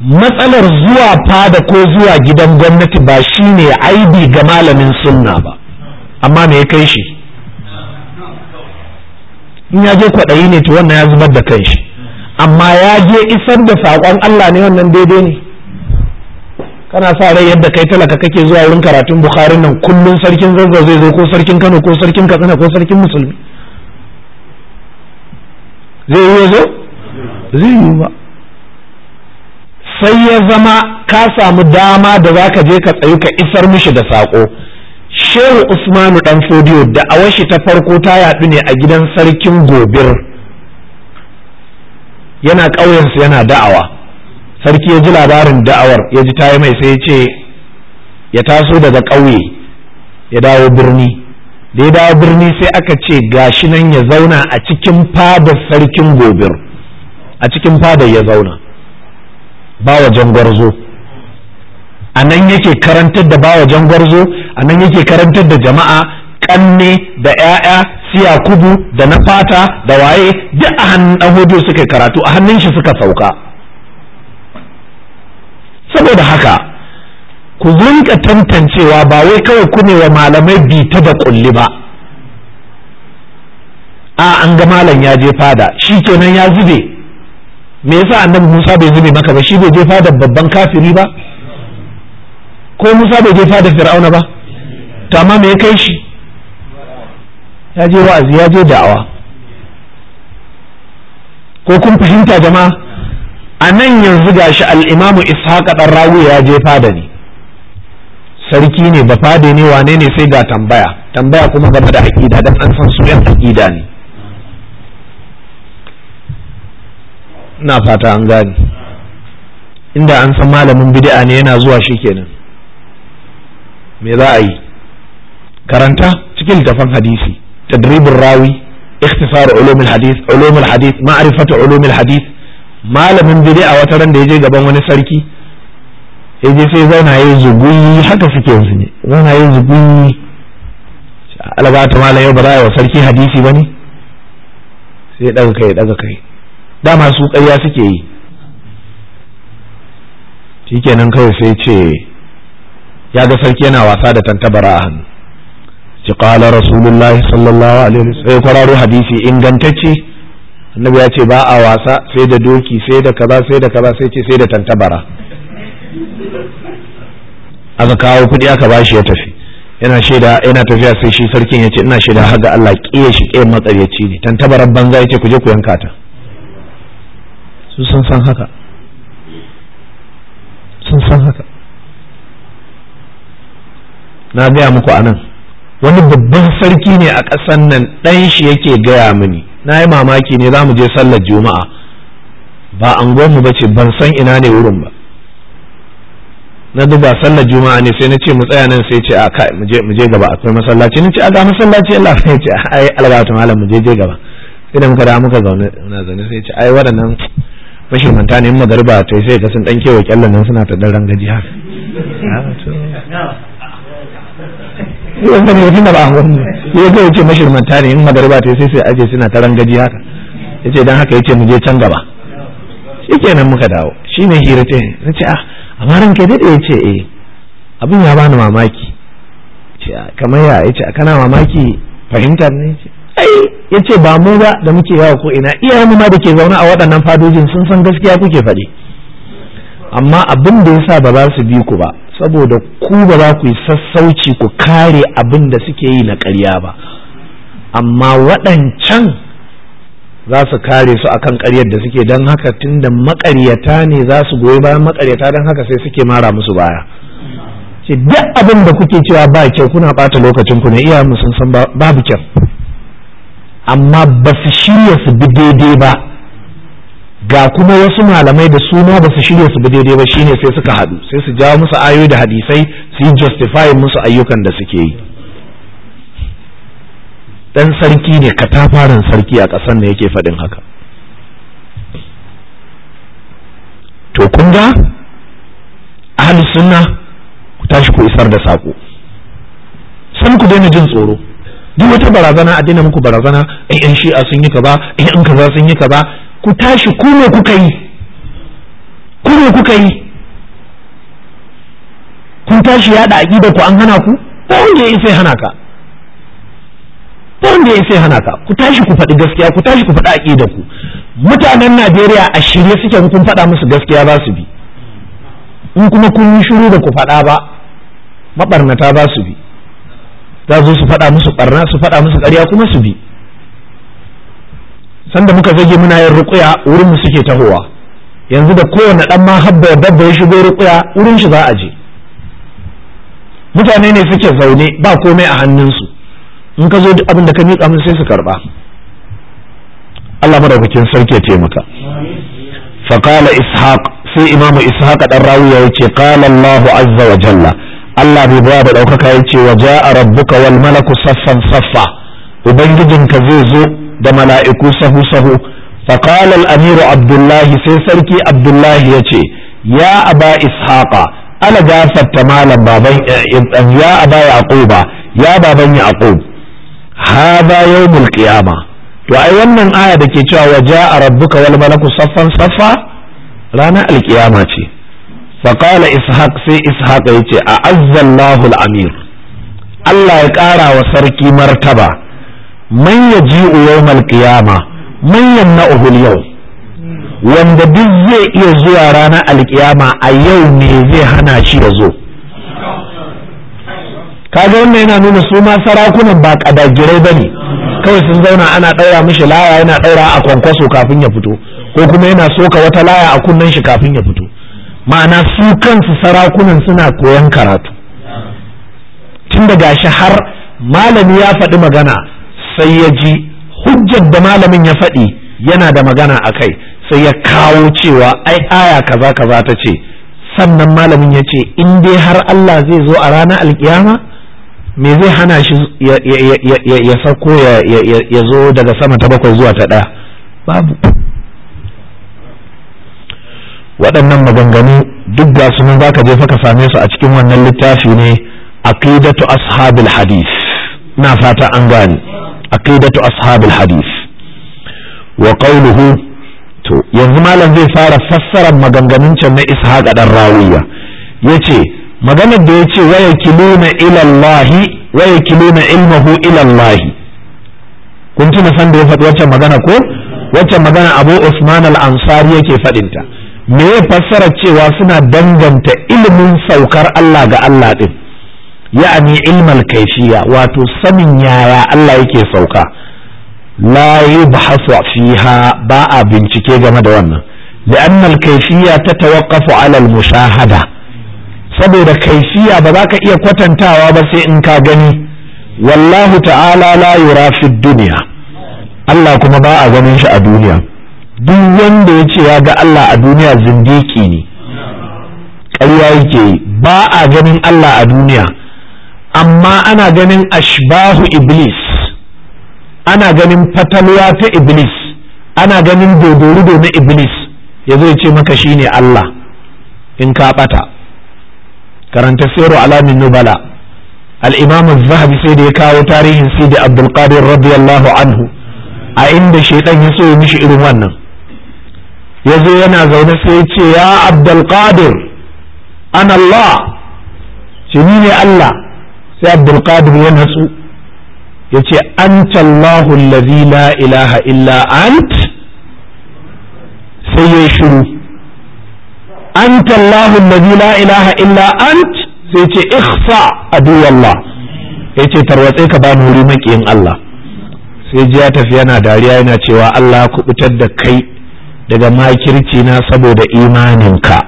matsalar zuwa fada ko zuwa gidan gwamnati ba shi ne aibi ga malamin sunna ba amma me ya kai shi in ya je kwaɗayi ne to wannan ya zubar da kai shi amma ya je isar da saƙon Allah ne wannan daidai ne kana sa rai yadda kai talaka kake zuwa wurin karatun bukhari nan kullum sarkin zazzau zai zo ko sarkin kano ko sarkin katsina ko sarkin musulmi zai yi zo zai yi ba sai ya zama ka samu dama da za ka je ka tsayu ka isar mishi da saƙo shehu usmanu dan fodiyo da awashi ta farko ta yaɗu ne a gidan sarkin gobir yana ƙauyensu yana da'awa sarki ya ji labarin da'awar ya ji ta mai sai ya ce ya taso daga ƙauye ya dawo birni da ya dawo birni sai aka ce gashi nan ya zauna a cikin fadar sarkin gobir a cikin fadar ya zauna ba wa jangwarzo a nan yake karantar da bawa jangwarzo a nan yake karantar da jama'a kanne da 'ya'ya siya kudu da na fata da waye duk a hannun ɗan hodo suka karatu a hannun shi suka sauka saboda haka ku rinka tantancewa ba wai kawai ku ne wa malamai bita da kulli ba a an ga malam ya je fada shi kenan ya zube me yasa annabi Musa bai zube maka ba shi bai je fada babban kafiri ba ko Musa bai je fada Fir'auna ba to amma me ya kai shi ya je wa'azi ya je da'awa ko kun fahimta jama'a a nan yanzu shi al'imamu ishaqa ɗan rawu ya je fada ne sarki ne ba fada ne wane ne sai ga tambaya tambaya kuma game da aƙida don an san su aƙida ne na fata an gani inda an san malamin bid'a ne yana zuwa shi kenan me za a yi karanta cikin littafin hadisi tadribin rawi ikhtisar ulumul hadith ulumul hadith ma'rifatu ulumul hadith malamin a wata ran da ya je gaban wani sarki ya je sai zauna ya zuguyi haka suke yanzu ne zauna ya zuguyi alaba ta malam yau ba za a yi wa sarki hadisi ba ne sai ɗaga kai ɗaga kai dama su ƙarya suke yi shikenan kawai sai ce ya ga sarki yana wasa da tantabara a hannu ci qala rasulullahi sallallahu alaihi wasallam sai kwararo hadisi ingantacce annabi ya ce ba a wasa sai da doki sai da kaza sai da kaza sai ce sai da tantabara aka kawo kudi aka ba shi ya tafi yana shaida yana tafiya sai shi sarkin ya ce ina shaida ga Allah kiyaye shi kiyaye matsaryaci ne tantabarar banza ya ce ku je ku yanka ta su sun san haka sun san haka na gaya muku anan wani babban sarki ne a ƙasan nan ɗan shi yake gaya mini na yi mamaki ne za mu je sallar juma'a ba anguwanmu ba ce ban san ina ne wurin ba na duba sallar juma'a ne sai na ce mu tsaya nan sai ce a kai mu je gaba akwai masallaci na ce a ga masallaci Allah sai ce ai algatu malam mu je je gaba sai da muka da muka zaune muna zaune sai ce ai waɗannan manta ne in magariba to sai ga sun dan kewa kyallan nan suna ta dan rangaji haka sai an sani tunda ba a wani ya zo ya ce mashirmanta ne in magariba ta sai sai aje suna taran gaji haka ya ce don haka ya ce mu je can gaba shikenan muka dawo shi ne hira ce na ce a ah, amma ranka daɗe ya ce eh abin ya bani mamaki ah, kamar ya ya ce ah, kana mamaki fahimtar ne ai ya ba mu ba da muke yawa ko ina iyayenmu ma da ke zaune a waɗannan fadojin sun san gaskiya kuke faɗi amma abin da ya sa ba za su bi ku ba saboda ku ba za ku yi sassauci ku kare abin da suke yi na ƙarya ba amma waɗancan za su kare su akan ƙaryar da suke don haka tun da maƙaryata ne za su goyi bayan maƙaryata don haka sai suke mara musu baya ce duk abin da kuke cewa ba kyau kuna ɓata lokacin ku ne iya sun san babu kyau amma ba su shirya su bi daidai ba ga kuma wasu malamai da su ma su shirya su daidai ba shine sai suka haɗu sai su jawo musu ayoyi da hadisai su yi justify musu ayyukan da suke yi dan sarki ne katafaren sarki a ƙasar ne yake faɗin haka to kun ga ahlus sunna ku tashi ku isar da sako san ku daina jin tsoro duk wata barazana a daina muku barazana in eh, shi'a sun yi kaza in yan kaza sun yi kaza ku tashi ku kuka yi ku kuka yi kun tashi yada aqida ku an hana ku ba wanda ya sai hana ka ba wanda ya sai hana ka ku tashi ku faɗi gaskiya ku tashi ku faɗi aqida ku mutanen Najeriya a shirye suke kun faɗa musu gaskiya ba su bi in kuma kun yi shiru da ku faɗa ba mabarnata ba su bi za su su faɗa musu ɓarna su faɗa musu ƙarya kuma su bi sanda muka zage muna yin rukuya wurin mu suke tahowa yanzu da kowane dan ma habba ya babba ya shigo rukuya wurin shi za a je mutane ne suke zaune ba komai a hannunsu in ka zo duk abin da ka miƙa min sai su karba Allah madaukakin sarki ya taimaka qala ishaq sai imamu ishaq dan rawiya yace qala Allahu azza wa jalla Allah bai ba da daukaka yace wa jaa rabbuka wal malaku saffan saffa ubangijinka zai zo da mala'iku sahu sahu فقال الأمير عبد الله سيسركي عبد الله يتي يا أبا إسحاق أنا جافت تمالا بابن يا أبا يعقوب يا بابن يعقوب هذا يوم القيامة وأيضا آية بكي وجاء ربك والملك صفا صفا رانا القيامة فقال إسحاق سي إسحاق يتي أعز الله الأمير الله يكارا وسركي مرتبة man ji yawmal manyan man yamna'uhu yau wanda duk zai iya zuwa ranar alkiyama a yau ne zai hana shi ya zo kaga wannan yana nuna su ma sarakunan ba kadagirai ba ne kawai sun zauna ana ɗaura mishi laya yana ɗaura a kwankwaso kafin ya fito ko kuma yana soka wata laya a kunnen shi kafin ya fito ma'ana su kansu sarakunan suna koyon karatu tun da gashi har malami ya faɗi magana sai ya ji hujjar da malamin ya faɗi yana da magana a kai sai ya kawo cewa ai aya kaza kaza ta ce sannan malamin ya ce in dai har Allah zai zo a ranar alkiyama me zai hana shi ya sako ya zo daga sama ta bakwai zuwa ta ɗaya babu waɗannan maganganu duk da su nan zaka je ka same su a cikin wannan littafi ne aqidatu ashabil hadith na fata an gane aqidatu ashabul hadith wa qawluhu yanzu malam zai fara fassarar maganganun can na ishaq dan rawiya yace maganar da yace wa yakiluna ila Allah wa yakiluna kun tuna san da ya faɗi wacce magana ko wacce magana Abu Usman al-Ansari yake faɗinta. me ya fassara cewa suna danganta ilimin saukar Allah ga Allah ɗin? ya'ani ilmal kaifiya wato sanin yara Allah yake sauka la yubhasu fiha ba a bincike game da wannan li'anna al-kayfiyya tatawaqqafu 'ala al-mushahada saboda kaifiya ba za ka iya kwatantawa ba sai in ka gani wallahu ta'ala la yura duniya. dunya Allah kuma ba a ganin shi a duniya duk wanda ya ce ya ga Allah a duniya zindiki ne ƙarya yake yi. ba a ganin Allah a duniya amma ana ganin ashbahu iblis ana ganin fatalwa ta iblis ana ganin dodorido na iblis ya zai ce maka shine Allah in ka bata karanta siro alamin nubala al-imam az-zahabi sai da ya kawo tarihin sidi abdul qadir radiyallahu anhu a inda shaytan ya so mishi irin wannan yazo yana zaune sai ya ce ya abdul qadir ana Allah shi ne Allah sai abdulkadir ya natsu yace anta allahu allazi la ilaha illa ant sai ya shiru allahu allazi la ilaha illa ant sai ce ikhfa aduwallah yace tarwatse ka ba wuri makiyin Allah sai ji ya tafi yana dariya yana cewa Allah kubutar da kai daga makirci na saboda imaninka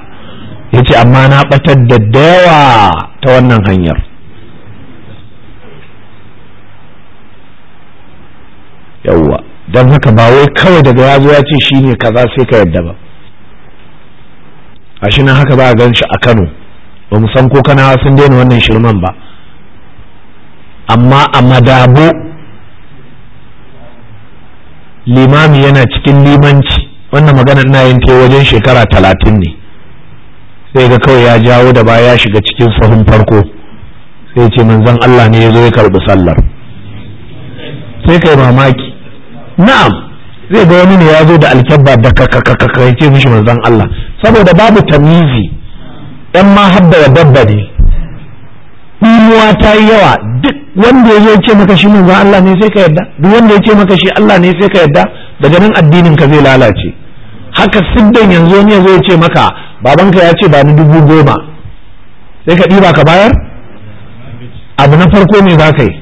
yace amma na ɓatar da dawa ta wannan hanyar yawwa don haka ba wai kawai daga ya zo ya ce shi ne kaza sai ka yadda ba a shi nan haka ba a gan shi a kano ba mu san ko kana sun daina wannan shirman ba amma a madabo limami yana cikin limanci wannan magana ina yin ta wajen shekara talatin ne sai ga kawai ya jawo da baya ya shiga cikin sahun farko sai ce manzon Allah ne ya zo ya karbi sallar sai kai mamaki na'am zai ga wani ne ya zo da alkyabba da kakakakaka ya ce mishi manzon Allah saboda babu tamizi yan ma ya dabba ne ɗimuwa ta yi yawa duk wanda ya zo ya ce maka shi manzon Allah ne sai ka yadda duk wanda ya ce maka shi Allah ne sai ka yadda daga nan addinin ka zai lalace haka siddan yanzu wani ya zo ya ce maka babanka ya ce ba ni dubu goma sai ka ɗiba ka bayar abu na farko ne za ka yi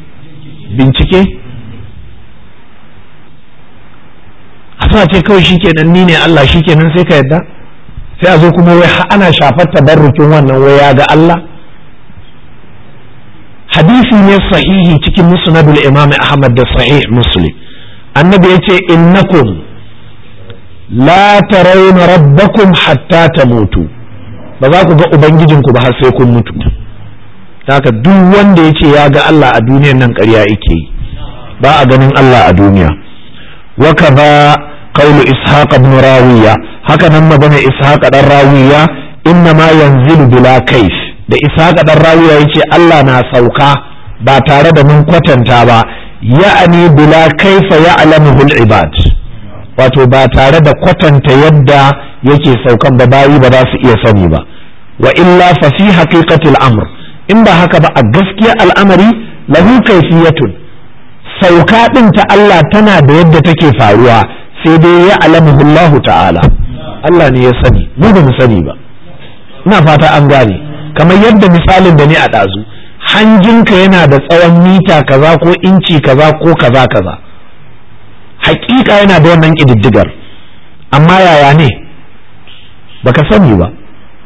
bincike mutum ce kawai shi kenan ni ne Allah shi kenan sai ka yadda sai a zo kuma wai ana shafar tabarrukin wannan wai ya ga Allah hadisi ne sahihi cikin musnadul imam ahmad da sahih muslim annabi yace innakum la tarawna rabbakum hatta tamutu ba za ku ga ubangijinku ba har sai kun mutu haka duk wanda ya ce ya ga Allah a duniyar nan ƙarya yake yi ba a ganin Allah a duniya wa قول إسحاق بن راوية هكذا ما بني إسحاق بن راوية إنما ينزل بلا كيف da ishaq dan rawiya yace Allah na sauka ba tare da mun kwatanta ba ya'ani bila kaifa ya'lamuhu al-ibad wato ba tare da kwatanta yadda yake saukan ba bayi ba za su iya sani ba wa illa fa fi haqiqati al-amr in ba haka ba a gaskiya al'amari lahu kayfiyatun sauka din ta Allah tana da yadda take faruwa sai dai ya alamu Allahu ta'ala Allah ne ya sani mu ba mu sani ba ina fata an gane kamar yadda misalin da ne a ɗazu hanjinka yana da tsawon mita kaza ko inci kaza ko kaza kaza hakika yana da wannan kididdigar. amma yaya ne baka sani ba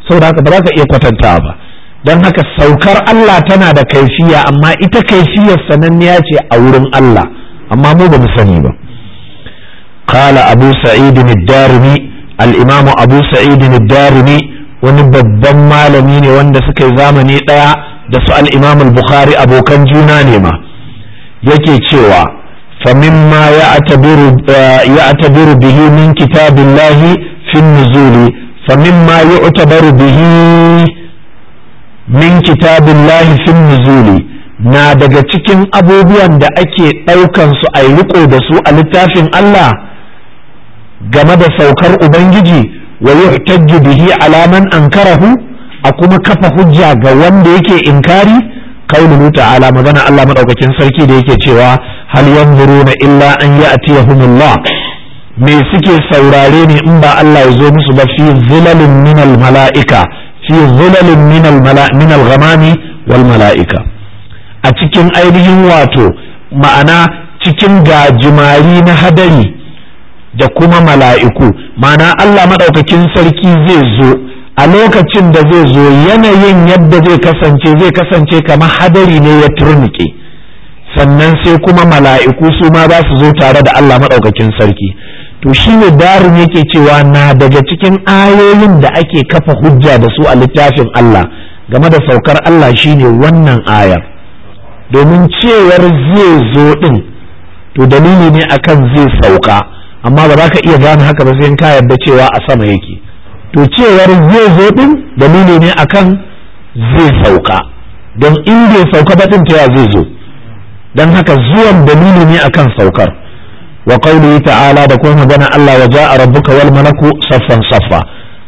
saboda haka ba za ka iya kwatanta ba don haka saukar Allah tana da kaifiya amma ita kaifiyar sananniya ce a wurin Allah amma mu ba mu sani ba قال أبو سعيد الدارمي الإمام أبو سعيد الدارمي ونبضل مالمين واندسك زامني لا دسو الإمام البخاري أبو كان جوناني ما يكي تشوى فمما يعتبر, يعتبر به من كتاب الله في النزول فمما يعتبر به min kitabillahi fin nuzuli na daga cikin abubuwan da ake ɗaukan su a riko da su a littafin Allah game da saukar ubangiji wa yuhtajju bihi alaman man ankarahu a kuma kafa hujja ga wanda yake inkari qauluhu ta'ala magana Allah maɗaukakin sarki da yake cewa hal yanzuruna illa an ya'tiyahumullah me suke saurare ne in ba Allah ya zo musu ba fi zulalin minal mala'ika fi zulalin minal ghamami wal mala'ika a cikin ainihin wato ma'ana cikin gajimari na hadari da kuma mala'iku mana Allah maɗaukakin sarki zai zo a lokacin da zai zo yanayin yadda zai kasance zai kasance kamar hadari ne ya turnike sannan sai kuma mala'iku su ma za su zo tare da Allah maɗaukakin sarki to shi ne darin yake cewa na daga cikin ayoyin da ake kafa hujja da su a littafin Allah game da saukar Allah shine wannan ayar domin cewar zai zo ɗin to dalili ne akan zai sauka amma ba za ka iya gane haka ba sai ka yarda cewa a sama yake to cewar zai zo din dalili ne akan zai sauka don in bai sauka ba din cewa zai zo don haka zuwan dalili ne akan saukar wa qawli ta'ala da kuma magana Allah wa ja'a rabbuka wal malaku saffan saffa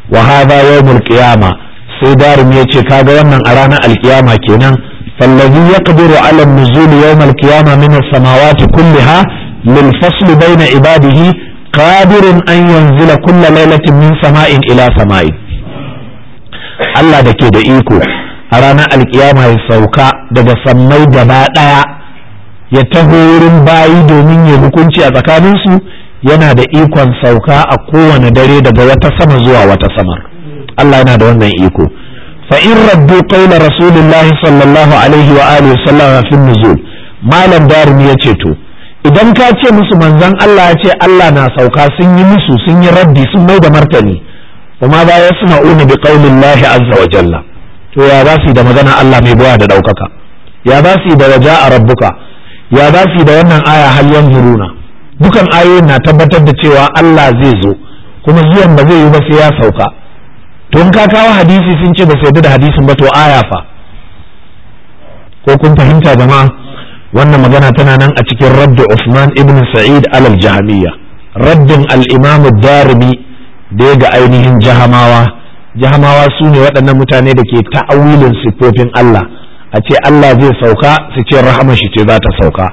wa hadha yawmul qiyama sai darum yace kaga wannan a ranar alkiyama kenan fallazi yaqdiru ala nuzul yawmul qiyama min as-samawati kulliha lil fasl bayna ibadihi qadirun an yanzila kulla lailatin min sama'in ila sama'in Allah da ke da iko a ranar alkiyama ya sauka daga sammai gaba ya taho wurin bayi domin ya hukunci a tsakaninsu yana da ikon sauka a kowane dare daga wata sama zuwa wata samar Allah yana da wannan iko fa in raddu qawla rasulillah sallallahu alaihi wa alihi wa sallam fi nuzul malam darimi yace to idan ka ce musu manzan Allah ya ce Allah na sauka sun yi musu sun yi raddi sun mai da martani kuma ba ya suna una bi qaulin lahi azza wa jalla to ya ba su da magana Allah mai buwa da daukaka ya ba su da waja a rabbuka ya ba su da wannan aya hal yanzuruna dukan ayoyin na tabbatar da cewa Allah zai zo kuma zuwan ba zai yi ba sai ya sauka to in ka kawo hadisi sun ce ba su yarda da hadisin ba to aya fa ko kun fahimta jama'a wannan magana tana nan a cikin radda Usman ibn Sa'id alal jahamiyya raddin al-Imam darimi da ya ga ainihin jahamawa jahamawa su ne waɗannan mutane da ke ta'awilin siffofin Allah a ce Allah zai sauka su ce rahama shi ce za ta sauka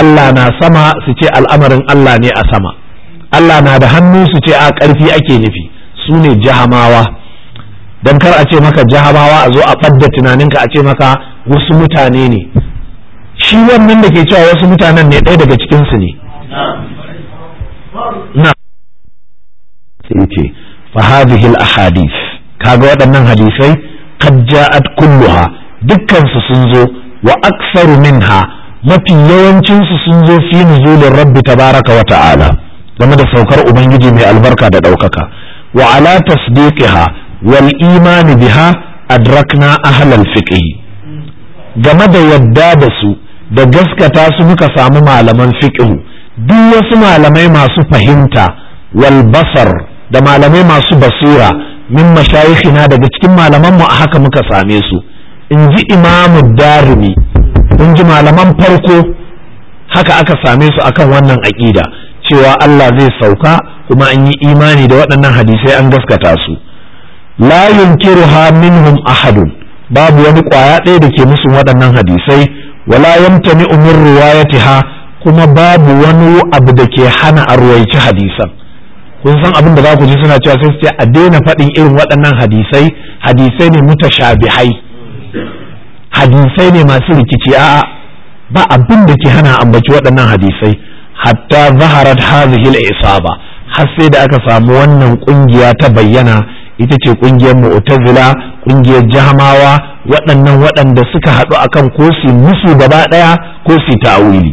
Allah na sama su ce al'amarin Allah ne a sama Allah na da hannu su ce a ƙarfi ake nufi su ne jahamawa Dan kar a ce maka jahamawa a zo a fadda tunaninka a ce maka wasu mutane ne shi wannan da ke cewa wasu mutanen ne ɗaya daga cikinsu ne na sai ce fa hadhihi al ahadith kaga waɗannan hadisai qad ja'at kulluha dukkan su sun zo wa aktsaru minha mafi yawancinsu su sun zo fi nuzulir rabbi tabaraka wa ta'ala game da saukar ubangiji mai albarka da ɗaukaka wa ala tasdiqiha wal imani biha adrakna ahlal fiqh game da yadda da su da gaskata su muka samu malaman fiqhu duk wasu malamai masu fahimta walbasar, da malamai masu basira min mashayikhina daga cikin malaman mu a haka muka same su in ji imamu darimi in ji malaman farko haka aka same su akan wannan aƙida cewa Allah zai sauka kuma an yi imani da waɗannan hadisai an gaskata su la yunkiruha minhum ahadun babu wani ƙwaya ɗaya da ke musu waɗannan hadisai wala yamtani min riwayatiha kuma babu wani abu da ke hana a ruwaici hadisan kun san abin da za ku ji suna cewa sai su ce a daina faɗin irin waɗannan hadisai hadisai ne mutashabihai hadisai ne masu rikici a ba abin da ke hana ambaci waɗannan hadisai hatta zaharat hadhihi al-isaba har sai da aka samu wannan kungiya ta bayyana ita ce ƙungiyar mu'tazila ƙungiyar jahamawa waɗannan waɗanda suka haɗu akan ko su musu gaba ɗaya ko su ta'awili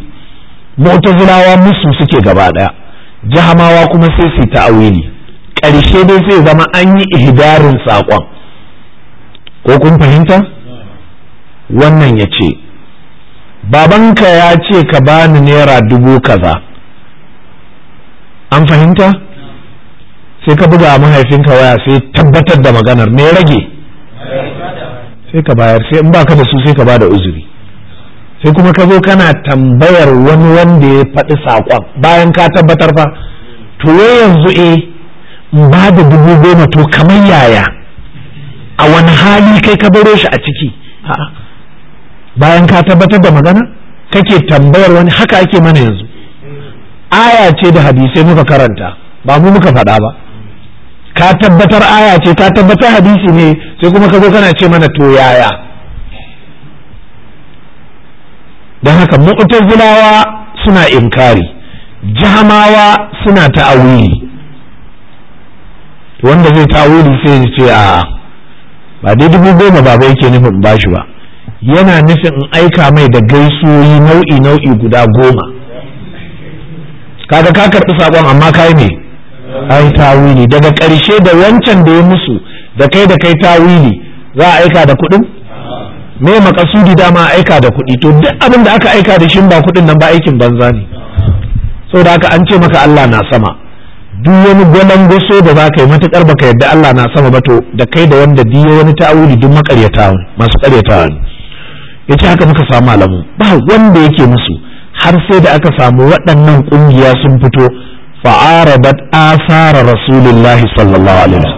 mu'tazilawa musu suke gaba ɗaya jahamawa kuma sai su ta'awili ƙarshe dai sai zama an yi ihdarin saƙon ko kun fahimta wannan ya ce babanka ya ce ka bani naira dubu kaza an fahimta sai ka buga mahaifinka waya sai tabbatar da maganar me rage sai ka bayar sai in baka da su sai ka bada uzuri sai kuma ka zo kana tambayar wani wanda ya faɗi saƙon bayan ka tabbatar fa to yanzu eh ba da dubu goma to kamar yaya a wani hali kai ka baro shi a ciki bayan ka tabbatar da magana kake tambayar wani haka ake mana yanzu aya ce da hadisai muka karanta ba mu muka faɗa ba ka tabbatar aya ce ka tabbatar hadisi ne sai kuma ka zo kana ce mana to yaya don haka mu'tazilawa suna inkari jahamawa suna ta'awili wanda zai ta'awili sai ya ce a ba dai dubu goma ba ba yake nufin bashi ba yana nufin in aika mai da gaisuwoyi nau'i nau'i guda goma kaga ka karɓi saƙon amma kai ne an tawili daga ƙarshe da wancan da ya musu da kai da kai tawili za a aika da kuɗin me makasudi dama aika da kuɗi to duk abin da aka aika da shin ba kuɗin nan ba aikin banza ne saboda haka an ce maka Allah na sama duk wani gwanan goso da za ka yi matukar baka yadda Allah na sama ba to da kai da wanda duk wani ta'awuli duk makaryatawa masu karyatawa ne ce haka muka samu alamu ba wanda yake musu har sai da aka samu waɗannan ƙungiya sun fito fa'arabat asara rasulullahi sallallahu alaihi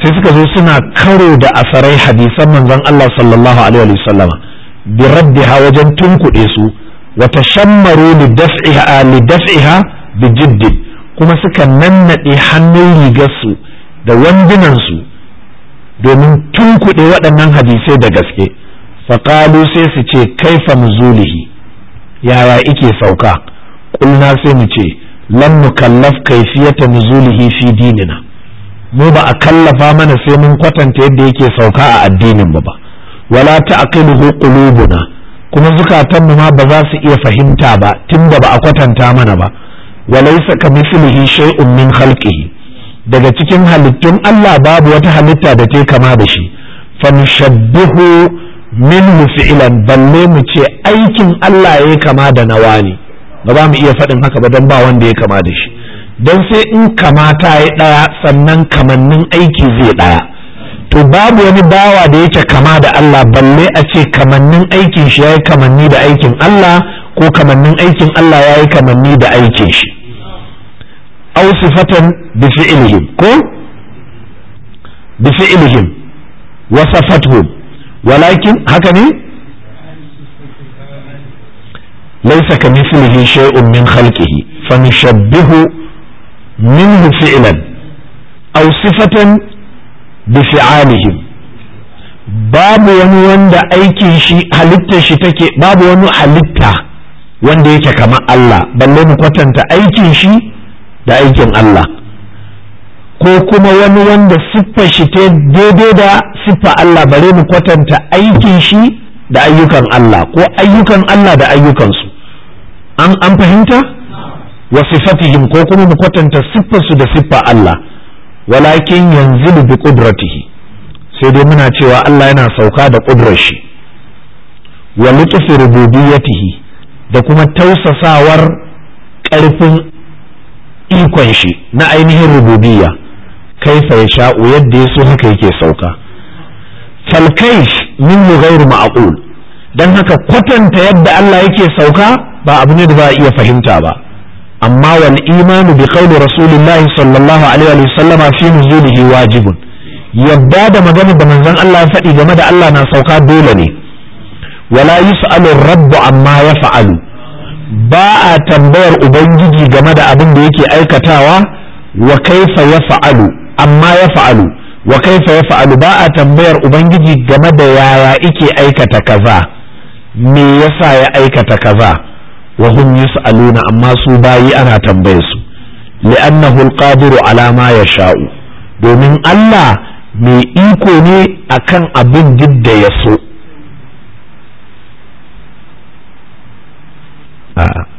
sai suka zo suna karo da asarai hadisan manzon Allah sallallahu alaihi wasallama bi raddiha wajen tunkuɗe su wa tashammaru li daf'iha li daf'iha bi jiddi kuma suka nannade hannun rigar su da wandunan su domin tunkuɗe waɗannan hadisai da gaske faƙalu sai su ce kaifa muzulihi yaya ike sauka ƙulna sai mu ce lan nukallaf kaifiyata nuzulihi fi dinina mu ba a kallafa mana sai mun kwatanta yadda yake sauka a addinin mu ba wala ta'qiluhu qulubuna kuma zukatan mu ma ba za su iya fahimta ba tunda ba a kwatanta mana ba walaysa kamithlihi shay'un min khalqihi daga cikin halittun Allah babu wata halitta da ta kama da shi fanushabbihu minhu fi'lan balle mu ce aikin Allah yayi kama da nawani ba za mu iya faɗin haka ba don ba wanda ya kama da shi don sai in kamata ya ɗaya sannan kamannin aiki zai ɗaya to babu wani bawa da yake kama da Allah balle a ce kamannin aikin shi ya yi kamanni da aikin Allah ko kamannin aikin Allah ya yi kamanni da aikin shi aw sifatan bi fi'lihim ko bi fi'lihim wa safathum walakin haka ne laisa ka mislihi shay'un min khalqihi fa nushabbihu minhu fi'lan aw sifatan bi fi'alihim babu wani wanda halitta wanda yake kamar Allah balle kwatanta aikin shi da aikin Allah ko kuma wani wanda siffar shi ta daidai da siffa Allah bare mu kwatanta aikin shi da ayyukan Allah ko ayyukan Allah da ayyukansu an an fahimta wa sifatihim ko kuma mu kwatanta siffarsu da siffa Allah walakin yanzilu bi qudratihi sai dai muna cewa Allah yana sauka da kudrar shi wa lutfi rububiyyatihi da kuma tausasawar ƙarfin ikon shi na ainihin rububiyya kaifa ya sha'u yadda ya so haka yake sauka falkaish min ghairu ma'qul dan haka kwatanta yadda Allah yake sauka ba abu ne da za a iya fahimta ba amma wal imanu bi qawli rasulillahi sallallahu alaihi wa sallama fi nuzulihi wajibun yadda da maganar da manzon Allah ya faɗi game da Allah na sauka dole ne wala yus'alu rabbu amma yaf'alu ba a tambayar ubangiji game da abin da yake aikatawa wa kaifa yaf'alu amma yaf'alu wa kaifa yaf'alu ba a tambayar ubangiji game da yaya yake aikata kaza me yasa ya aikata kaza wa hum yus'aluna amma su bayi ana tambaye su li'annahu al-qadiru ala ma yasha'u domin Allah mai iko ne akan abin gidda ya so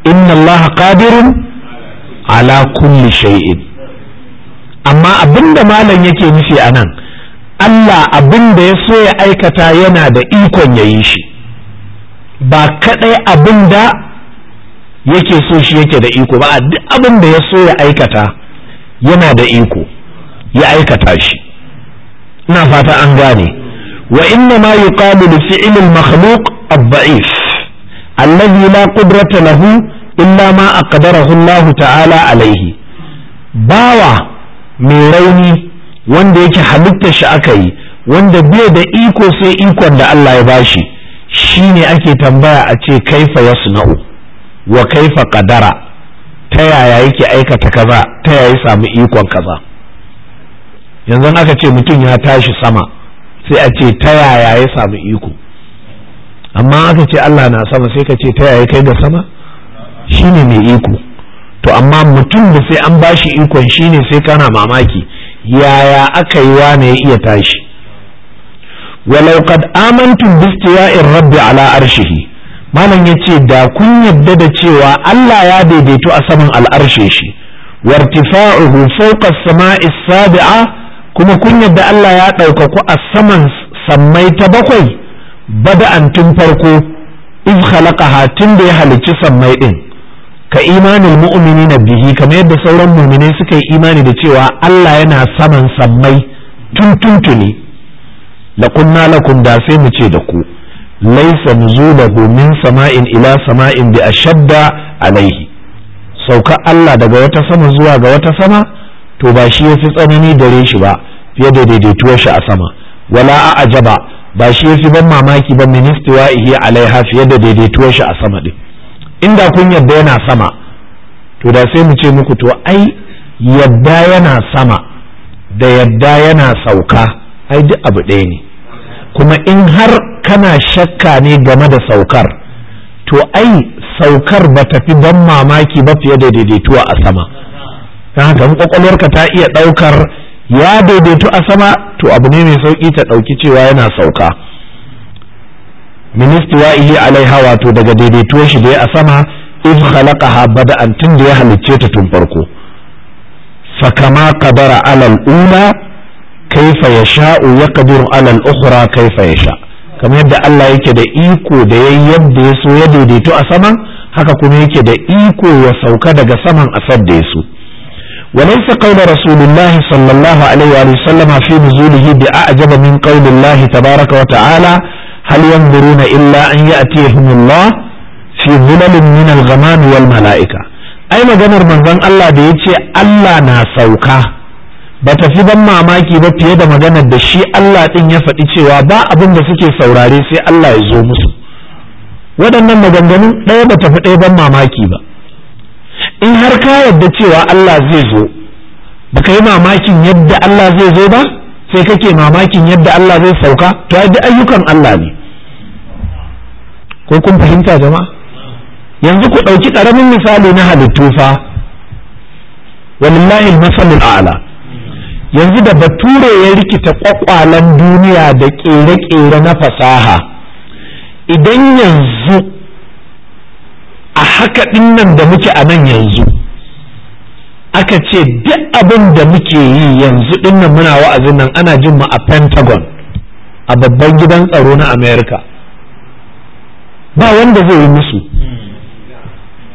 inna Allah qadirun ala kulli shay'in amma abinda malam yake nufi anan Allah abin da ya so ya aikata yana da ikon ya yi shi ba kadai abin da yake so shi yake da iko ba duk abin da ya so ya aikata yana da iko ya aikata shi ina fata an gane wa inna ma yuqalu bi fi'l al-makhluq ad-da'if alladhi la qudrata lahu illa ma aqdarahu Allah ta'ala alayhi bawa mai rauni wanda yake halittar shi aka yi wanda bai da iko sai ikon da Allah ya bashi shine ake tambaya a ce kaifa yasna'u wa kaifa kadara ta yaya yake aikata kaza ta yaya samu ikon kaza yanzu aka ce mutum ya tashi sama sai a ce ta yaya ya samu iko amma aka ce Allah na sama sai ka ce ta yaya kai ga sama shine mai iko to amma mutum da sai an bashi ikon shine sai kana mamaki yaya aka yi wane ya iya tashi walau kad amantum bi rabbi ala arshihi malam ya ce da kun yadda da cewa Allah ya daidaitu a saman al'arshe shi wartifa'uhu fawqa as-sama'i as-sabi'a kuma kun yadda Allah ya ku a saman sammai ta bakwai bada'an tun farko iz khalaqaha tun da ya halicci sammai ɗin, ka imanin mu'mini na bihi kamar yadda sauran mu'minai suka yi imani da cewa Allah yana saman sammai tun tuntuni la kunna lakum da sai mu ce da ku laisa nuzula domin sama'in ila sama'in bi ashadda alaihi sauka Allah daga wata sama zuwa ga wata sama to ba shi yafi tsanani dare shi ba fiye da daidaituwar shi a sama wala a ajaba ba shi yafi ban mamaki ba ministiwa ihi alaiha fiye da daidaituwar shi a sama din inda kun yadda yana sama to da sai mu ce muku to ai yadda yana sama da yadda yana sauka ai duk abu ɗaya ne kuma in har kana shakka ne game da saukar to ai saukar ba ta fi ban mamaki ba fiye da daidaituwa a sama don haka in kwakwalwarka ta iya ɗaukar ya daidaitu a sama to abu ne mai sauki ta ɗauki cewa yana sauka ministiwa alai hawa to daga daidaituwar shi da ya a sama in bada an tun da ya halicce ta tun farko sakama kadara alal ula kaifa ya kadiru alal ukhra kaifa sha'u kamar yadda Allah yake da iko da ya yadda ya so ya daidaito a saman haka kuma yake da iko ya sauka daga saman a sadda ya so وليس قول رسول الله صلى الله عليه وسلم في نزوله بأعجب من قول الله تبارك وتعالى هل ينظرون إلا أن يأتيهم الله في ظلل من الغمام والملائكة أي مجمر من ظن الله ديتي الله ناسوكه ba ta fi ban mamaki ba fiye da maganar da shi Allah ɗin ya faɗi cewa ba abin da suke saurare sai Allah ya zo musu waɗannan maganganun ɗaya ba ta fi ɗaya ban mamaki ba in har ka yarda cewa Allah zai zo ba ka yi mamakin yadda Allah zai zo ba sai kake mamakin yadda Allah zai sauka to ya ayyukan Allah ne ko kun fahimta jama'a yanzu ku ɗauki ƙaramin misali na halittu fa walillahi masalul a'la yanzu da bature ya rikita kwakwalen duniya da kere-kere na fasaha idan yanzu a haka nan da muke a nan yanzu aka ce duk abin da muke yi yanzu dinnan muna wa'azin nan ana jin mu a pentagon a babban gidan tsaro na Amerika, ba wanda zai yi musu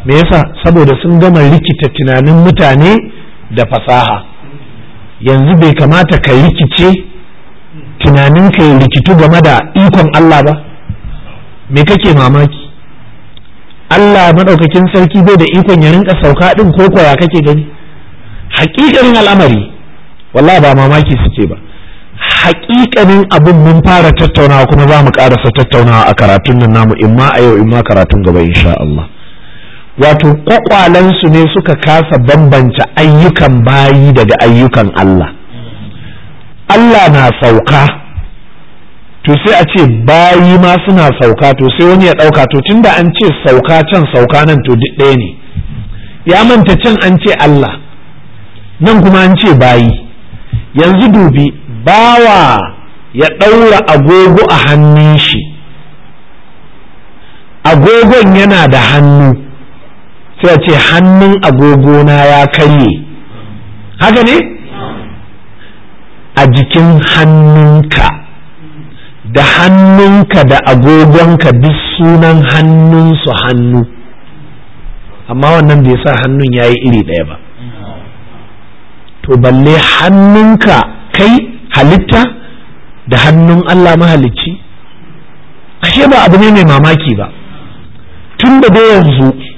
me yasa saboda sun gama rikita tunanin mutane da fasaha yanzu bai kamata ka rikice tunaninka ya rikitu game da ikon Allah ba me kake mamaki Allah maɗaukakin sarki bai da ikon ya rinka sauka ɗin ko kwaya kake gani haƙiƙanin al'amari wallahi ba mamaki suke ba haƙiƙanin abin mun fara tattaunawa kuma za mu ƙarasa tattaunawa a karatun nan namu imma a yau imma karatun gaba insha Allah wato kwakwalansu ne suka kasa bambance ayyukan bayi daga ayyukan Allah Allah na sauka to sai a ce bayi ma suna sauka to sai wani ya ɗauka to tunda an ce sauka can sauka nan to duk ɗaya ne ya manta can an ce Allah nan kuma an ce bayi yanzu dubi bawa ya ɗaura agogo a hannun shi agogon yana da hannu sai ce hannun agogona ya karye haka ne a jikin hannunka da hannunka da agogonka duk sunan hannunsu hannu amma wannan bai sa hannun ya yi iri ɗaya ba to balle hannunka kai halitta da hannun Allah mahalicci ashe ba abu ne mai mamaki ba tun da dai yanzu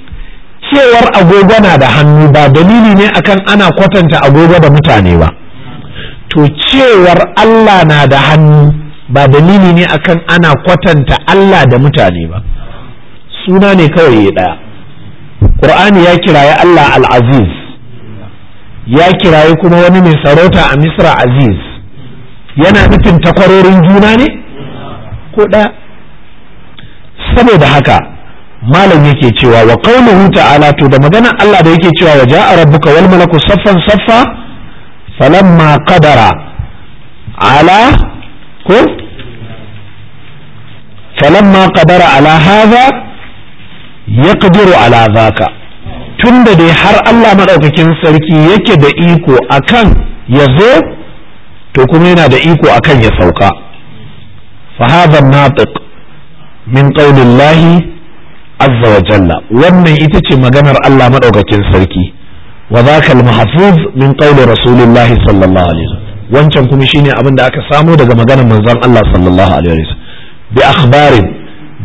cewar agogo na da hannu ba dalili ne akan ana kwatanta agogo da mutane ba to cewar Allah na da hannu ba dalili ne akan ana kwatanta Allah da mutane ba suna ne kawai ya ɗaya ƙur'ani ya kiraye Allah Al-aziz ya kiraye kuma wani mai sarauta a misra aziz yana nufin takwarorin juna ne ko ɗaya saboda haka malam yake cewa wa qauluhu ta'ala to da maganar Allah da yake cewa wa ja'a rabbuka wal malaku saffan saffa falamma qadara ala ko falamma qadara ala hadha yaqdiru ala zaka tunda dai har Allah madaukakin sarki yake da iko akan ya zo to kuma yana da iko akan ya sauka fa hadha natiq min qawli azza wa jalla wannan ita ce maganar Allah madaukakin sarki wa zaka mahfuz min qawli rasulillahi sallallahu alaihi wasallam wancan kuma shine abin da aka samo daga maganar manzon Allah sallallahu alaihi wasallam bi akhbarin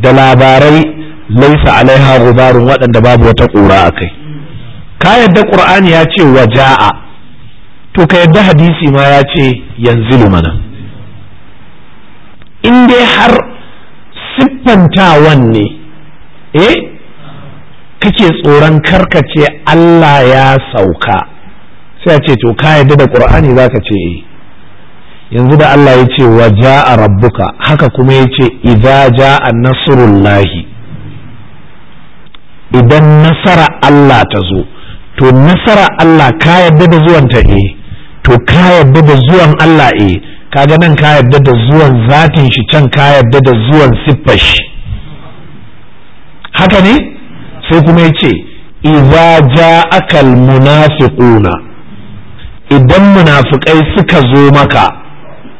da labarai laisa alaiha gubarun waɗanda babu wata ƙura akai ka yadda qur'ani ya ce wa ja'a to ka yadda hadisi ma ya ce yanzu mana in dai har siffantawan ne eh kake tsoron ce Allah ya sauka sai a ce to ka yadda da qur'ani zaka ce eh. yanzu da Allah ya ce wa ja'a rabbuka haka kuma ya ce idza ja'a idan nasara Allah ta zo to nasara Allah ka yadda da zuwan ta eh to ka yadda da zuwan Allah eh kaga nan ka yadda da zuwan zatin shi can ka yadda da zuwan siffar haka ne sai kuma ya ce ja akal munafiquna idan munafikai suka zo maka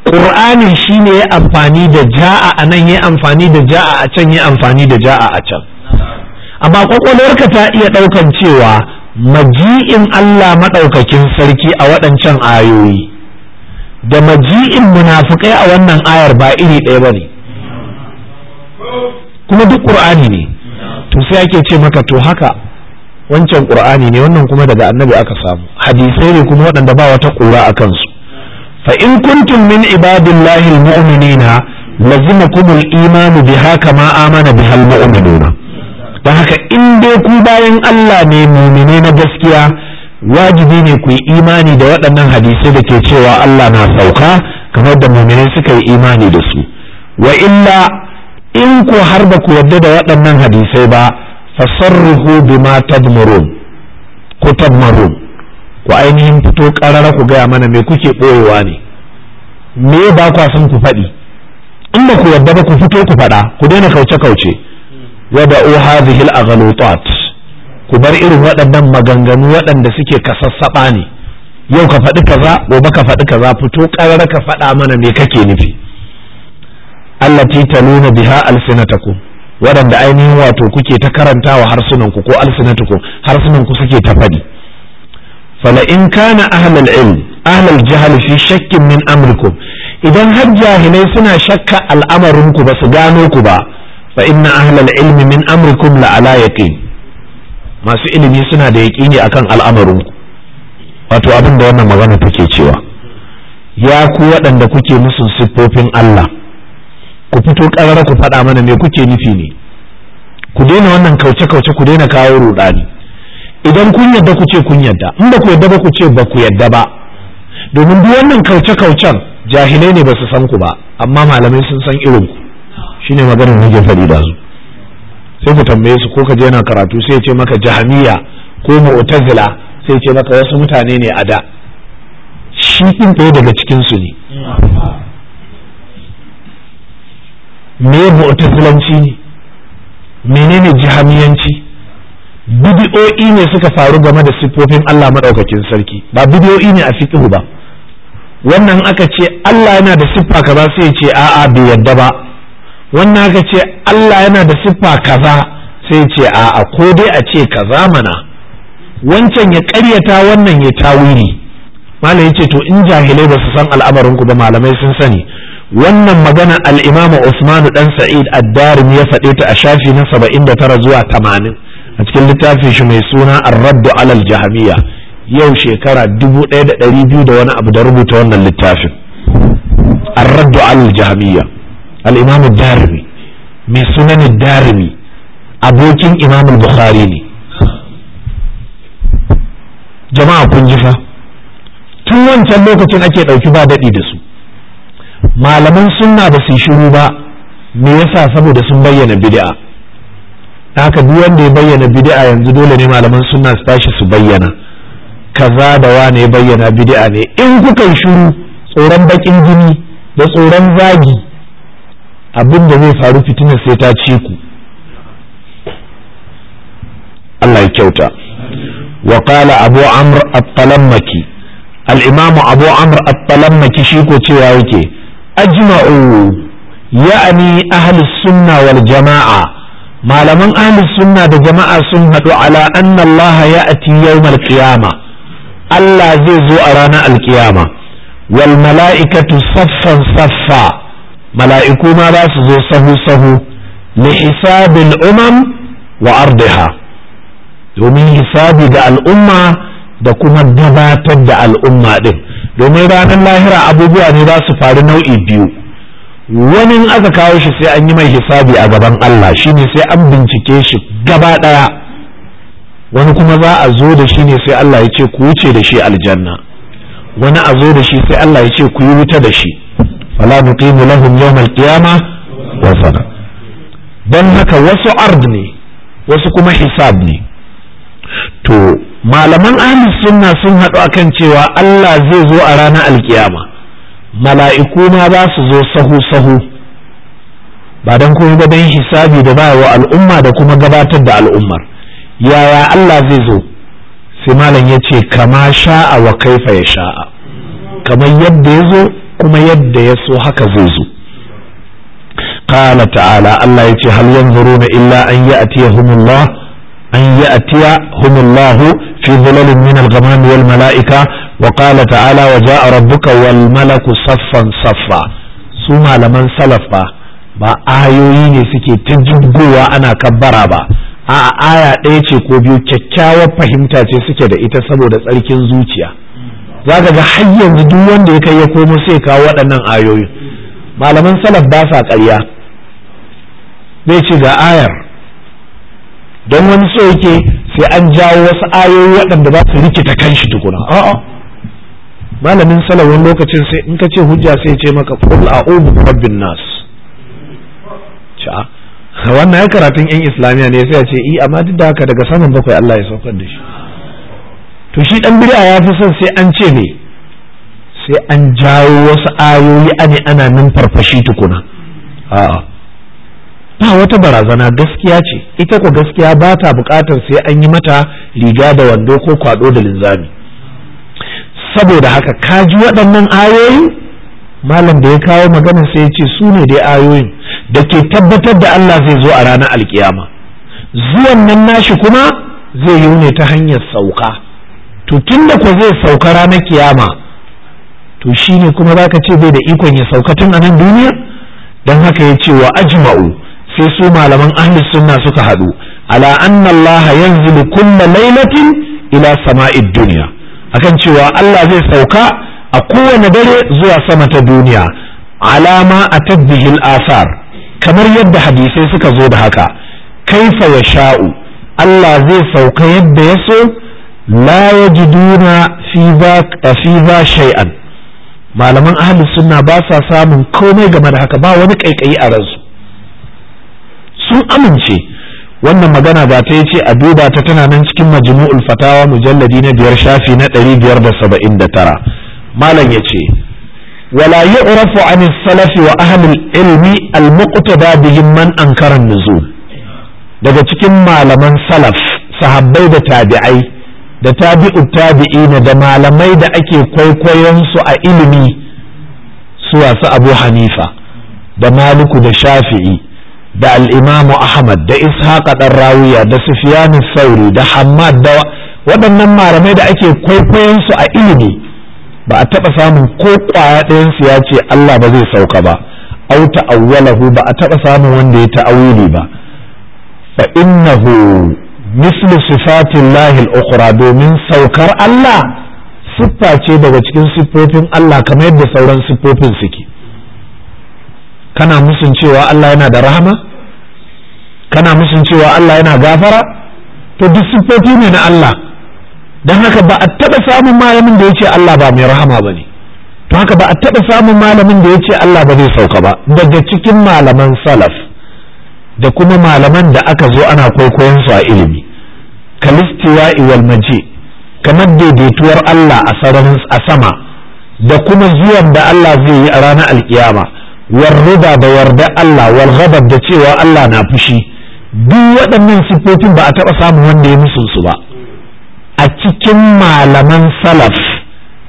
ƙur'anin shi ne ya amfani da ja'a a nan ya amfani da ja'a a can ya amfani da ja'a a can amma kwakwalwarka ta iya ɗaukan cewa maji'in Allah maɗaukakin sarki a waɗancan ayoyi da maji'in munafukai a wannan ayar ba iri ɗaya ba ne kuma duk ƙur'ani ne to sai ake ce maka to haka wancan qur'ani ne wannan kuma daga annabi aka samu hadisai ne kuma waɗanda ba wata ƙura a kansu fa in kuntum min ibadillahi almu'minina lazimakumul imanu biha kama amana bihal mu'minuna Da haka in dai ku bayan Allah ne mumine na gaskiya wajibi ne ku yi imani da waɗannan hadisai da ke cewa Allah na sauka kamar da mumine suka yi imani da su wa illa in ku har ba ku yadda da waɗannan hadisai ba fasarruhu bima tadmurun ku tadmurun ku ainihin fito ƙarara ku gaya mana me kuke ɓoyewa ne me ba kwa son ku faɗi in ba ku yadda ba ku fito ku faɗa ku daina kauce-kauce wada'u hadhihi al-aghlutat ku bar irin waɗannan maganganu waɗanda suke kasassaɓa ne yau ka faɗi kaza gobe ka faɗi kaza fito ƙarar ka faɗa mana me kake nufi allati taluna biha alsinatakum waɗanda ainihin wato kuke ta karantawa harsunanku ko alsinatukum harsunanku suke ta faɗi fala in kana ahlul ilm ahlul jahl fi shakkin min amrikum idan har jahilai suna shakka al'amarinku ba su gano ku ba fa inna ahlul ilm min amrikum la ala yaqin masu ilimi suna da yaqini akan al'amarinku wato abin da wannan magana take cewa ya ku waɗanda kuke musu siffofin Allah ku fito karara ku faɗa mana me kuke nufi ne ku daina wannan kauce-kauce ku daina kawo rudani idan kun yadda ku ce kun yadda in ba ku yadda ba ku ce ba ku yadda ba domin duk wannan kauce-kaucen jahilai ne ba su san ku ba amma malamai sun san irin ku shine maganar nake faɗi da su sai ku tambaye su ko ka je na karatu sai ce maka jahamiya ko mu'tazila sai ce maka wasu mutane ne a da shi ɗin ɗaya daga cikin su ne me ne? menene jihamiyanci bidiyoyi ne suka faru game da siffofin Allah maɗaukakin sarki ba bidiyoyi ne a fiqhu ba wannan aka ce Allah yana da siffa kaza sai ce a'a bai yadda ba wannan aka ce Allah yana da siffa kaza sai ce a'a ko dai a ce kaza mana wancan ya ƙaryata wannan ya tawili malam ce to in jahilai ba su san al'amarin ku ba malamai sun sani wannan magana al'imama Usmanu ɗan Sa'id ad ya faɗe ta a shafi na saba'in da tara zuwa tamanin, a cikin littafin shi mai suna ar Alal Jahamiya. yau shekara dubu ɗaya da ɗari biyu da wani abu da rubuta wannan littafin ar Alal Jahamiya, al-Jahmiyya darimi mai sunan ad-Darimi abokin Imam bukhari ne jama'a kun ji fa tun wancan lokacin ake ɗauki ba daɗi da su malaman sunna ba su yi shiru ba me yasa saboda sun bayyana bid'a haka duk wanda ya bayyana bid'a yanzu dole ne malaman sunna su tashi su bayyana kaza da wane ya bayyana bid'a ne in kuka shiru tsoron bakin jini da tsoron zagi abin da zai faru fitina sai ta ci ku Allah ya kyauta wa qala abu amr at-talammaki al imam abu amr at-talammaki shi ko cewa yake ajma'u ya'ani ahlus sunna wal jama'a malaman ahlus sunna da jama'a sun haɗu ala anna Allah ya'ti yawmal qiyama Allah zai zo a ranar alkiyama wal mala'ikatu saffan saffa mala'iku ma za su zo sahu sahu li hisabil umam wa ardiha domin hisabi ga al'umma da kuma gabatar da al'umma ɗin domin ranar lahira abubuwa ne za su faru nau'i biyu wani in aka kawo shi sai an yi mai hisabi a gaban Allah ne sai an bincike shi gaba ɗaya wani kuma za a zo da shi ne sai Allah ya ce ku wuce da shi aljanna wani a zo da shi sai Allah ya ce ku yi wuta da shi fala nuqimu lahum yawmal qiyama wazana dan haka wasu ard ne wasu kuma hisab ne to malaman ahli sunna sun haɗu akan cewa Allah zai zo a ranar alkiyama mala'iku ma za su zo sahu sahu ba don kuma ba don hisabi da ba wa al'umma da kuma gabatar da al'ummar yaya Allah zai zo sai malam ya ce kama sha'a wa kaifa ya sha'a kamar yadda ya zo kuma yadda ya so haka zai zo qala ta'ala Allah ya ce hal yanzuruna illa an ya'tiyahumullah an ya'tiya humullahu في ظلل mala'ika الغمام والملائكة وقال تعالى وجاء ربك والملك صفا صفا سوما لمن سلفا ba ayoyi ne suke ta jibgowa ana kabbara ba A'a aya ɗaya ce ko biyu kyakkyawar fahimta ce suke da ita saboda tsarkin zuciya za ka ga har yanzu duk wanda ya kai ya komo sai kawo waɗannan ayoyin malaman salaf ba sa ƙarya zai ce ga ayar don wani so yake sai an jawo wasu ayoyi waɗanda za su rikita kan shi tukuna a'a malamin salawun lokacin sai in ka ce hujja sai ce maka qul a'udhu bi rabbin nas cha ah, wannan ya karatun yan islamiya ne sai ya ce i eh, amma duk da haka daga saman bakwai Allah ya saukar da shi to shi dan bid'a ya fi son sai an ce ne sai an jawo wasu ayoyi ane ana nan farfashi tukuna a'a ba wata barazana gaskiya ce ita ko gaskiya ba ta bukatar sai an yi mata riga da wando ko kwado da linzami saboda haka ka ji waɗannan ayoyi malam da ya kawo magana sai ya ce su ne dai ayoyin da ke tabbatar da Allah zai zo a ranar alkiyama zuwan nan nashi kuma zai yi ne ta hanyar sauka to tun da ko zai sauka ranar kiyama to shine kuma zaka ce bai da ikon ya sauka tun a nan duniya don haka ya ce wa ajma'u sai su malaman ahli sunna suka haɗu ala anna Allah yanzilu kulla laylatin ila sama'id duniya akan cewa Allah zai sauka a kowane dare zuwa sama ta duniya alama a tabbihil asar kamar yadda hadisai suka zo da haka kaifa ya sha'u Allah zai sauka yadda ya so la yajiduna fi za shay'an malaman ahli sunna ba sa samun komai game da haka ba wani kaikayi a ransu sun amince wannan magana ba ta yace a duba ta tana nan cikin majmu'ul fatawa mujalladi na biyar shafi na 579 malam yace wala yu'rafu an salafi wa ahli ilmi al-muqtada bihim man daga cikin malaman salaf sahabbai da tabi'ai da tabi'u tabi'ina da malamai da ake kwaikwayon su a ilimi su wasu abu hanifa da maliku da shafi'i da al'imamu ahmad da ishaqa ɗan rawiya da sufiyanu sauri da hammad da waɗannan malamai da ake kwaikwayon su a ilimi ba a taɓa samun ko ƙwaya ɗayansu ya ce allah ba zai sauka ba au ta'awwalahu ba a taɓa samun wanda ya ta'awuli ba fa innahu mislu sifatillahi lahil ukhra domin saukar allah siffa ce daga cikin siffofin allah kamar yadda sauran siffofin suke kana musun cewa Allah yana da rahama kana musun cewa Allah yana gafara to duk siffofi ne na Allah don haka ba a taɓa samun malamin da ya ce Allah ba mai rahama ba ne to haka ba a taɓa samun malamin da ya ce Allah ba zai sauka ba daga cikin malaman salaf da kuma malaman da aka zo ana kwaikwayon su a ilimi kalistiwa iwal maji kamar daidaituwar Allah a sama da kuma zuwan da Allah zai yi a ranar alkiyama warrida da yarda Allah wal ghadab da cewa Allah na fushi duk waɗannan siffofin ba a taɓa samun wanda ya musu su ba a cikin malaman salaf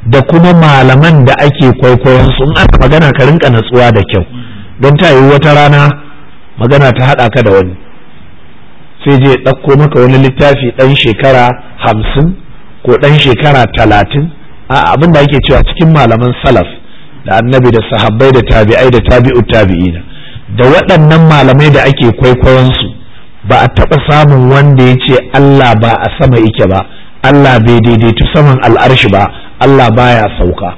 da kuma malaman da ake kwaikwayon su an magana ka rinka natsuwa da kyau don ta yi wata rana magana ta haɗa ka da wani sai je ɗauko maka wani littafi ɗan shekara hamsin ko ɗan shekara talatin a abin da ake cewa cikin malaman salaf da annabi da sahabbai da tabi'ai da tabi'u tabi'ina da waɗannan malamai da ake kwaikwayon su ba a taɓa samun wanda ya ce Allah ba a sama yake ba Allah bai daidaitu saman al'arshi ba Allah baya sauka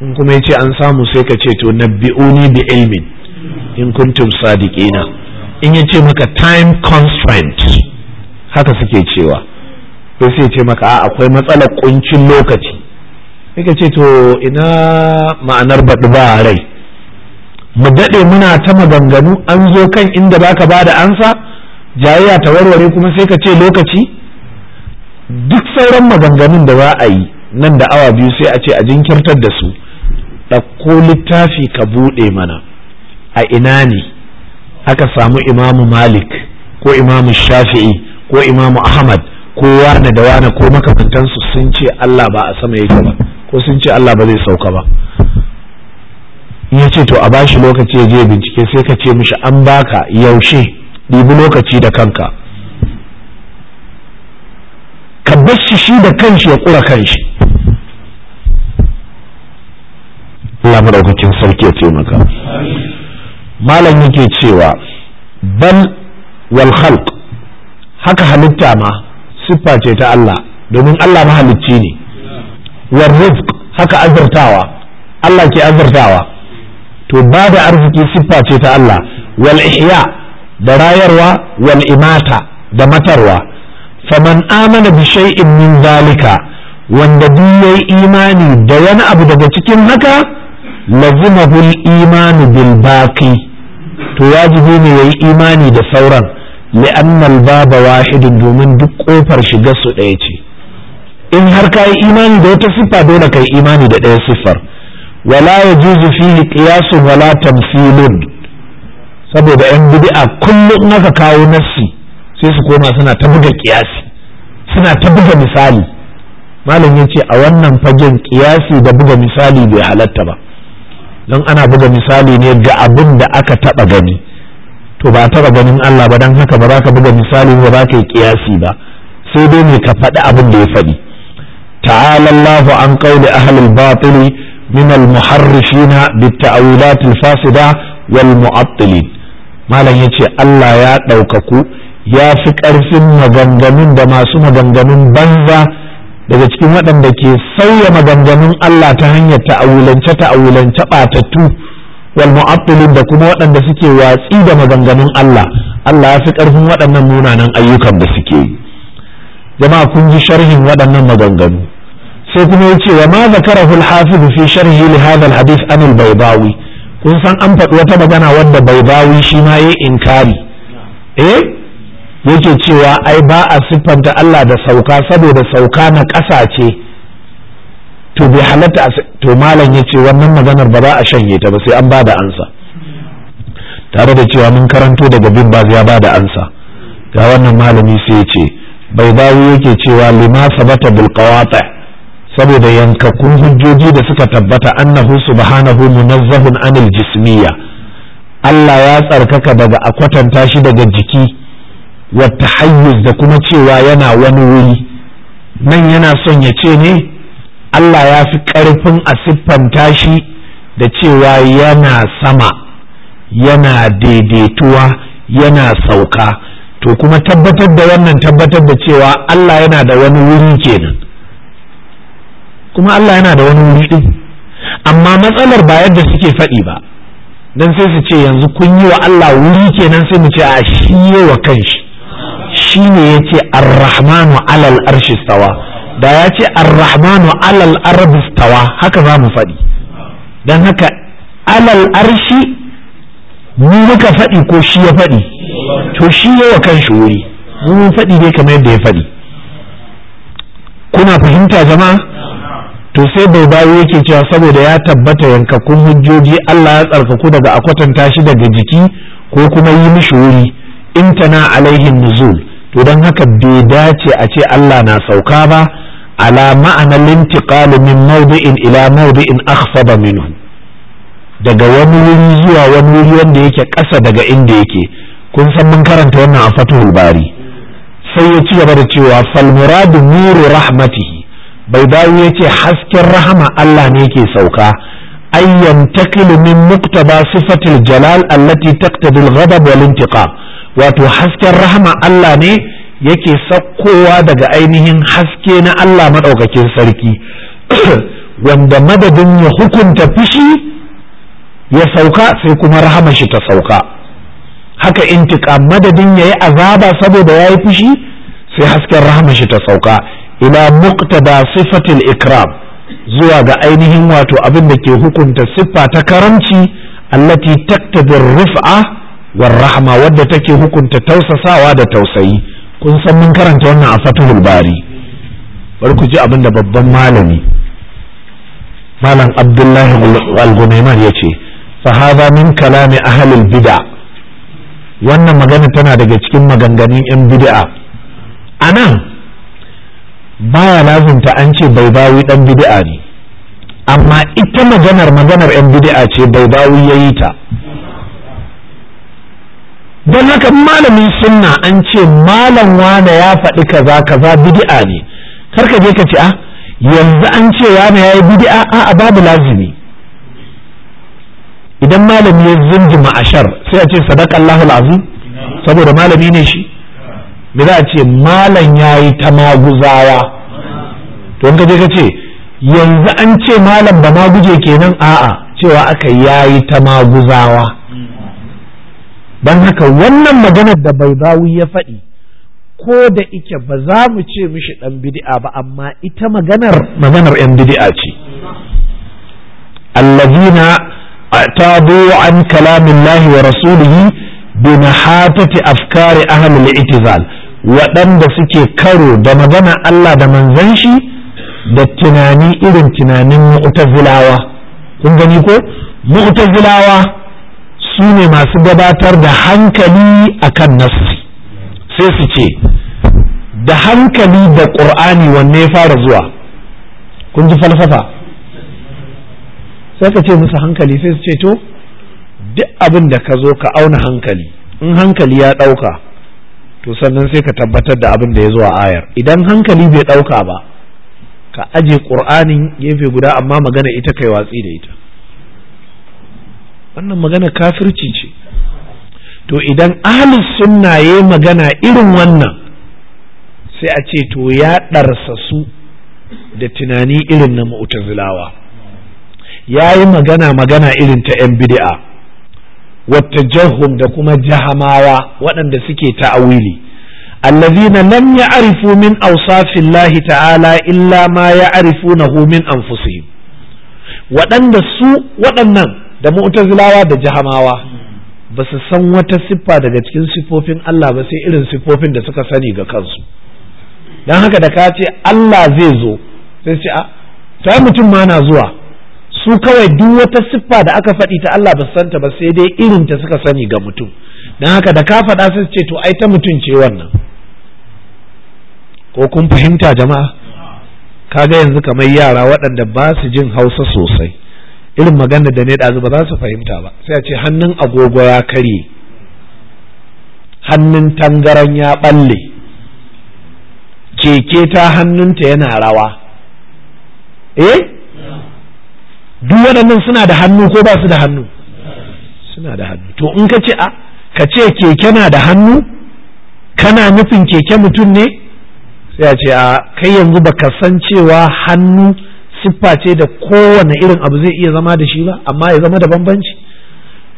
in kuma ya ce an samu sai ka ce to nabi'uni bi ilmin in kuntum sadiqina in ya ce maka time constraint haka suke cewa sai sai ce maka akwai matsalar kuncin lokaci yake ce to ina ma'anar baɗi ba rai mu daɗe muna ta maganganu an zo kan inda baka ba da ansa jayayya ta warware kuma sai ka ce lokaci duk sauran maganganun da za a yi nan da awa biyu sai a ce a jinkirtar da su ɗauko littafi ka buɗe mana a ina ne aka samu imamu malik ko imamu shafi'i ko imamu ahmad ko wane da wane ko makamantansu sun ce allah ba a sama yake ba ko sun ce Allah ba zai sauka ba ya ce to a bashi lokaci ya je bincike sai ka ce mishi an baka yaushe ɗibi lokaci da kanka ka bashi shi da kanshi ya ƙura kanshi Allah maɗaukakin sarki ya taimaka malam yake cewa bal wal khalq haka halitta ma siffa ce ta Allah domin Allah mahalicci ne wa rizq haka azurtawa Allah ke azurtawa to ba arziki siffa ce ta Allah wal ihya da rayarwa wal imata da matarwa faman amana bi shay'in zalika wanda duk yayi imani da wani abu daga cikin haka lazimahu al imanu bil baqi to wajibi ne yayi imani da sauran li'anna al baba wahidun domin duk ƙofar shiga su ɗaya ce in har ka yi imani da wata siffa dole ka yi imani da ɗaya siffar wala ya juzu fihi qiyasun wala tamthilun saboda yan bid'a kullum aka kawo nassi sai su koma suna ta buga qiyasi suna ta buga misali malam yace a wannan fagen qiyasi da buga misali bai halatta ba don ana buga misali ne ga abin da aka taba gani to ba taba ganin Allah ba don haka ba za ka buga misali ba za ka yi kiyasi ba sai dai ne ka faɗi abin da ya faɗi تعالى الله عن قول أهل الباطل من المحرفين بالتأويلات الفاسدة والمعطلين ما لن Allah الله يا دوككو يا فكر في مغنغمين دما سو مغنغمين بنزا daga cikin waɗanda ke sauya maganganun Allah ta hanyar ta'awulance ta'awulance ɓatattu wal mu'attilin da kuma waɗanda suke watsi da maganganun Allah Allah ya fi ƙarfin waɗannan munanan ayyukan da suke yi jama'a kun ji sharhin waɗannan maganganu sai kuma yace wa ma zakarahu al-hafiz fi sharhi li hadha al-hadith an al-baydawi kun san an faɗi wata magana wadda baydawi shi ma yayi inkari eh yake cewa ai ba a siffanta Allah da sauka saboda sauka na ƙasa ce to bi halatta to malam yace wannan maganar ba za a shanye ta ba sai an bada ansa tare da cewa mun karanto daga bin ba ya bada ansa ga wannan malami sai ya ce baydawi yake cewa lima sabata bil qawata saboda yankakun hujjoji da suka tabbata annahu subhanahu munazzahun anil jismiya Allah ya tsarkaka daga a kwatanta shi daga jiki wata tahayyuz da kuma cewa yana wani wuri nan yana son ya ce ne Allah ya fi ƙarfin a tashi shi da cewa yana sama yana daidaituwa yana sauka to kuma tabbatar da wannan tabbatar da cewa Allah yana da wani wuri kenan kuma Allah yana da wani wuri din amma matsalar ba yadda suke faɗi ba dan sai su ce yanzu kun yi wa Allah wuri kenan sai mu ce a shi ne wa kanshi shi ne ya ce arrahmanu alal arshi stawa da ya ce arrahmanu alal arbi stawa haka za mu faɗi dan haka alal arshi mu muka faɗi ko shi ya faɗi to shi ya wa kanshi wuri mun faɗi dai kamar yadda ya faɗi kuna fahimta jama'a to sai bai bayo yake cewa saboda ya tabbata yankakkun hujjoji Allah ya tsarkaku daga akwatanta tashi shi daga jiki ko kuma yi mishi wuri in tana alaihin nuzul to don haka bai dace a ce Allah na sauka ba ala ma'ana lintiqal min mawdi'in ila mawdi'in akhfada minhu daga wani wuri zuwa wani wuri wanda yake ƙasa daga inda yake kun san mun karanta wannan a fatul bari sai ya ci gaba da cewa fal muradu nuru rahmatihi bai bayu ya ce hasken rahama Allah ne ke sauka ayyan takilu min muktaba sifatil jalal allati taqtadi al-ghadab wal intiqam wato hasken rahama Allah ne yake sakkowa daga ainihin haske na Allah madaukakin sarki wanda madadin ya hukunta fushi ya sauka sai kuma rahama shi ta sauka haka intiqam madadin yayi azaba saboda yayi fushi sai hasken rahama shi ta sauka ila muqtada sifatil ikram zuwa ga ainihin wato abin da ke hukunta siffa ta karamci allati taktabir ruf'a war rahma wadda take hukunta tausasawa da tausayi kun san mun karanta wannan a fatihul bari bari ku ji abin da babban malami malam abdullahi al-gunaiman yace fa hadha min kalami ahlul bid'a wannan magana tana daga cikin maganganun yan bid'a anan baya lazumta an ce bai bawi dan bid'a ne amma ita maganar maganar yan bid'a ce bai bawi yayi ta don haka malamin sunna an ce malam wane ya faɗi kaza kaza bid'a ne karka je ka ce ah yanzu an ce wane yayi bid'a a babu lazimi idan malami ya zunjima ashar sai a ce sadaqallahu alazim saboda malami ne shi me za a ce malam ya yi ta maguzawa to in ka ka ce yanzu an ce malam ba maguje kenan a'a cewa aka ya yi ta maguzawa don haka wannan maganar da bai bawi ya faɗi ko da ike ba za mu ce mishi ɗan bidi'a ba amma ita maganar maganar 'yan bidi'a ce allazina tabo an kalamin lahi wa rasulihi bi mahatati afkari ahlul itizal waɗanda suke karo da magana Allah da manzan shi da tunani irin tunanin mu'tazilawa kun gani ko mu'tazilawa su ne masu gabatar da hankali akan nassi sai su ce da hankali da ƙur'ani wanne ya fara zuwa kun ji falsafa sai ka ce musu hankali sai su ce to duk abin da ka zo ka auna hankali in hankali ya ɗauka to sannan sai ka tabbatar da abin da ya zo a ayar idan hankali bai ɗauka ba ka aje ƙur'anin gefe guda amma magana ita kai watsi da ita wannan magana kafirci ce to idan ahlus sunna ya magana irin wannan sai a ce to ya ɗarsa su da tunani irin na mu'tazilawa ya yi magana magana irin ta 'yan bid'a wata jahum da kuma jahamawa waɗanda suke ta'awili allazina lam ya'rifu min awsafillahi ta'ala illa ma ya ya'rifunahu min anfusihim waɗanda su waɗannan da mu'tazilawa da jahamawa ba su san wata siffa daga cikin siffofin Allah ba sai irin siffofin da suka sani ga kansu Dan haka da ka ce Allah zai zo sai ce a ah, ta mutum ma na zuwa su kawai duk wata siffa da aka faɗi ta Allah ba santa ba sai dai irin ta suka sani ga mutum don haka da ka faɗa sai ce to ai ta mutum ce wannan ko kun fahimta jama'a kaga yanzu kamar yara waɗanda ba su jin hausa sosai irin magana da ne ɗazu ba za su fahimta ba sai a ce hannun agogo ya karye hannun tangaran ya ɓalle keke ta hannunta yana rawa eh duk waɗannan suna da hannu ko ba su da hannu suna da hannu to in ka ce a ka ce keke na da hannu kana nufin keke mutum ne sai a ce a kai yanzu ba ka san cewa hannu siffa ce da kowane irin abu zai iya zama da shi ba amma ya zama da bambanci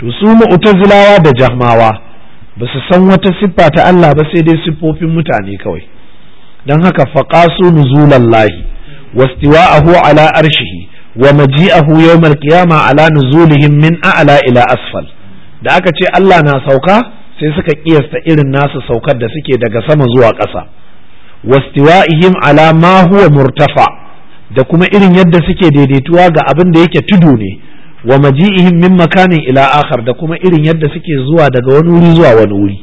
to su mu'tazilawa da jahmawa ba su san wata siffa ta Allah ba sai dai siffofin mutane kawai don haka faqasu nuzulallahi wastiwa'ahu ala arshihi wa maji'ahu yawmal qiyama ala nuzulihim min a'la ila asfal da aka ce Allah na sauka sai suka kiyasta irin nasu saukar da suke daga sama zuwa ƙasa wastiwa'ihim ala ma huwa murtafa da kuma irin yadda suke daidaituwa ga abin da yake tudu ne wa maji'ihim min makanin ila akhar da kuma irin yadda suke zuwa daga wani wuri zuwa wani wuri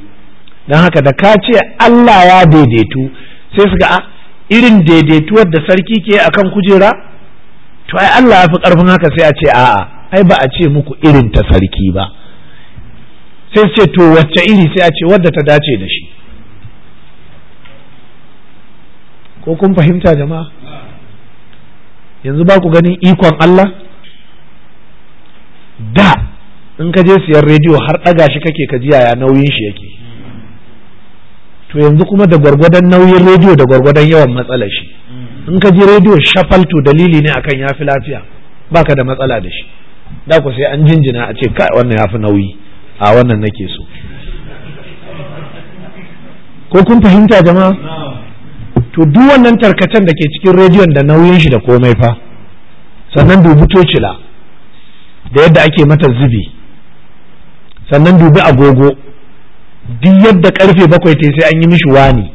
dan haka da ka ce Allah ya daidaitu sai suka a irin daidaituwar da sarki ke akan kujera to ai Allah ya fi karfin haka sai a ce a'a ai ba a ce muku irin ta sarki ba sai ce to wacce iri sai a ce wadda ta dace da shi ko kun fahimta jama'a yanzu ba ku ganin ikon Allah da in ka je siyan rediyo har ɗaga shi kake ka ji yaya nauyin shi yake to yanzu kuma da gwargwadon nauyin rediyo da gwargwadon yawan matsalar shi in ka ji rediyo shafal dalili ne akan ya fi lafiya baka da matsala da shi da ku sai an jinjina a ce kai wannan yafi nauyi a wannan nake so ko kun fahimta jama'a to duk wannan tarkacen da ke cikin rediyon da nauyin shi da komai fa sannan dubi tocila da yadda ake mata zubi sannan dubi agogo duk yadda karfe bakwai ta sai an yi mishi wani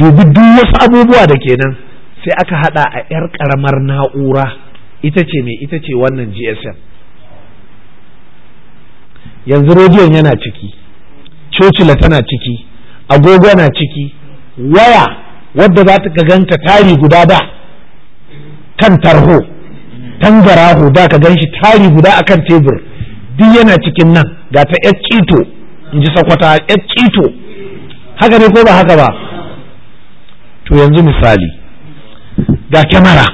dubi duk wasu abubuwa da kenan sai aka hada a 'yar karamar na'ura ita ce ne ita ce wannan gsm yanzu rediyon yana ciki cocila tana ciki agogo na ciki waya wadda za ta ganta tari guda da kan tarho tangaraho da ka gan shi tari guda akan tebur duk yana cikin nan ga ta yar kito in ji sakwata yar kito haka ne ko ba haka ba to yanzu misali ga kyamara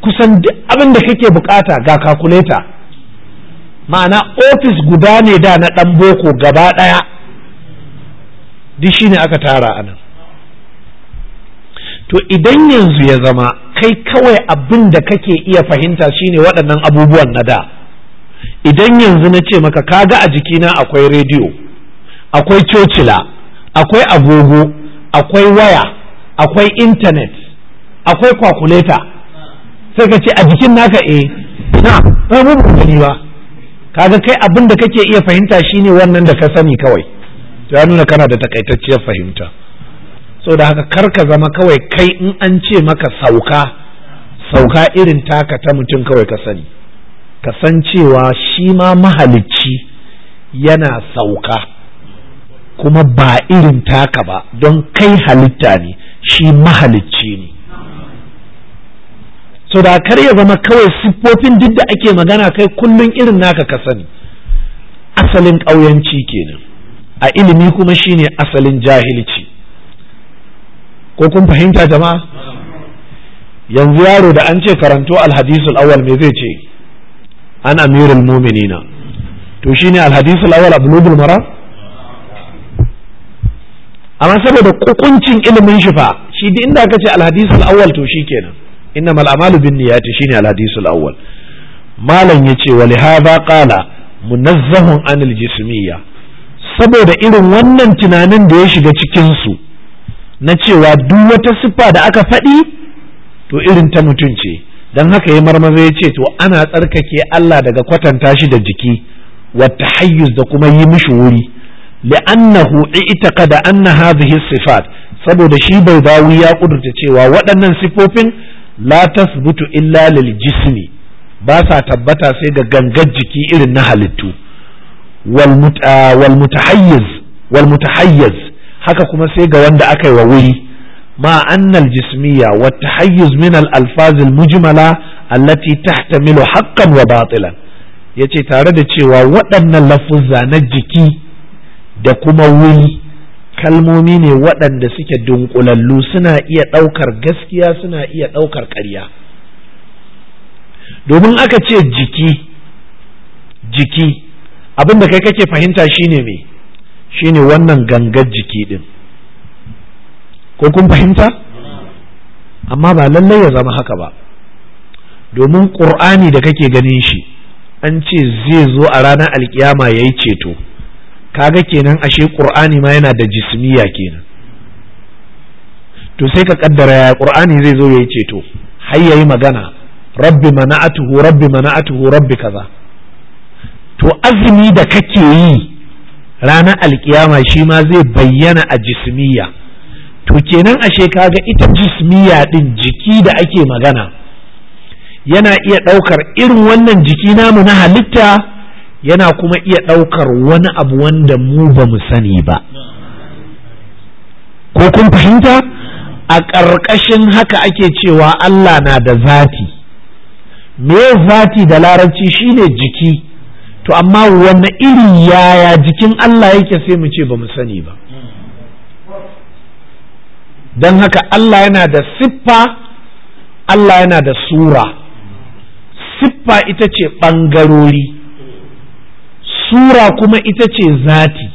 kusan abin da kake bukata ga kakuleta ma'ana ofis guda ne da na ɗan boko gaba ɗaya duk shi ne aka tara a nan to idan yanzu ya zama kai kawai abin da kake iya fahimta shine waɗannan abubuwan na da idan yanzu na ce maka kaga a jikina akwai rediyo akwai cocila akwai agogo akwai waya akwai intanet akwai kwakuleta sai ka ce a jikin naka eh na ba mu gani ba kaga kai abin da kake iya fahimta shine wannan da ka sani kawai ya nuna kana da takaitacciyar fahimta da haka kar ka zama kawai kai in an ce maka sauka sauka irin taka ta mutum kawai ka sani ka san cewa shi ma mahalicci yana sauka kuma ba irin taka ba don kai halitta ne shi mahalicci ne so da kar ya zama kawai siffofin duk da ake magana kai kullum irin naka ka sani asalin ƙauyanci kenan a ilimi kuma shine asalin jahilci ko kun fahimta jama'a yanzu yaro da an ce karanto alhadisu al'awal me zai ce an amirul muminina to shine al'awal a bulubul mara amma saboda kukuncin ilimin shi fa shi duk inda ka ce alhadisu al'awal to kenan innamal a'malu binniyati shine al-hadith al-awwal malam yace wa lihadha qala munazzahun anil jismiyya saboda irin wannan tunanin da ya shiga cikin su na cewa duk wata siffa da aka faɗi to irin ta mutum ce dan haka ya marmaza ya ce to ana tsarkake Allah daga kwatanta shi da jiki wa tahayyuz da kuma yi mishi wuri li'annahu i'taqada anna hadhihi sifat saboda shi bai dawo ya kudurta cewa waɗannan sifofin la tasbutu illa lil jismi ba sa tabbata sai ga gangar jiki irin na halittu ah, wal mutahayyiz haka kuma sai ga wanda aka yi wa wuri ma annal jismiya wa tahayyiz min al alfazil mujmala allati tahtamilu haqqan wa batilan yace tare da cewa waɗannan lafuzza na jiki da kuma wuri kalmomi ne waɗanda suke dunkulallu suna iya ɗaukar gaskiya suna iya ɗaukar ƙarya domin aka ce jiki jiki abin kai kake fahimta shine me shine wannan gangar jiki din ko kun fahimta amma ba lallai ya zama haka ba domin ƙur'ani da kake ganin shi an ce zai zo a ranar alkiyama ya yi ceto kaga kenan ashe qur'ani ma yana da jismiya kenan to sai ka kaddara ya qur'ani zai zo yayi ceto har yayi magana rabbi mana'atuhu rabbi mana'atuhu rabbi kaza to azumi da kake yi ranar alkiyama shi ma zai bayyana a jismiya to kenan ashe kaga ita jismiya din jiki da ake magana yana iya ɗaukar irin wannan jiki namu na halitta yana kuma iya ɗaukar wani abu wanda mu ba mu sani ba ko kun fahimta a ƙarƙashin haka ake cewa Allah na da zati me zati da larabci shine jiki to amma wani iri yaya jikin Allah yake sai mu ce ba mu sani ba don haka Allah yana da siffa Allah yana da sura siffa ita ce ɓangarori sura kuma ita ce zati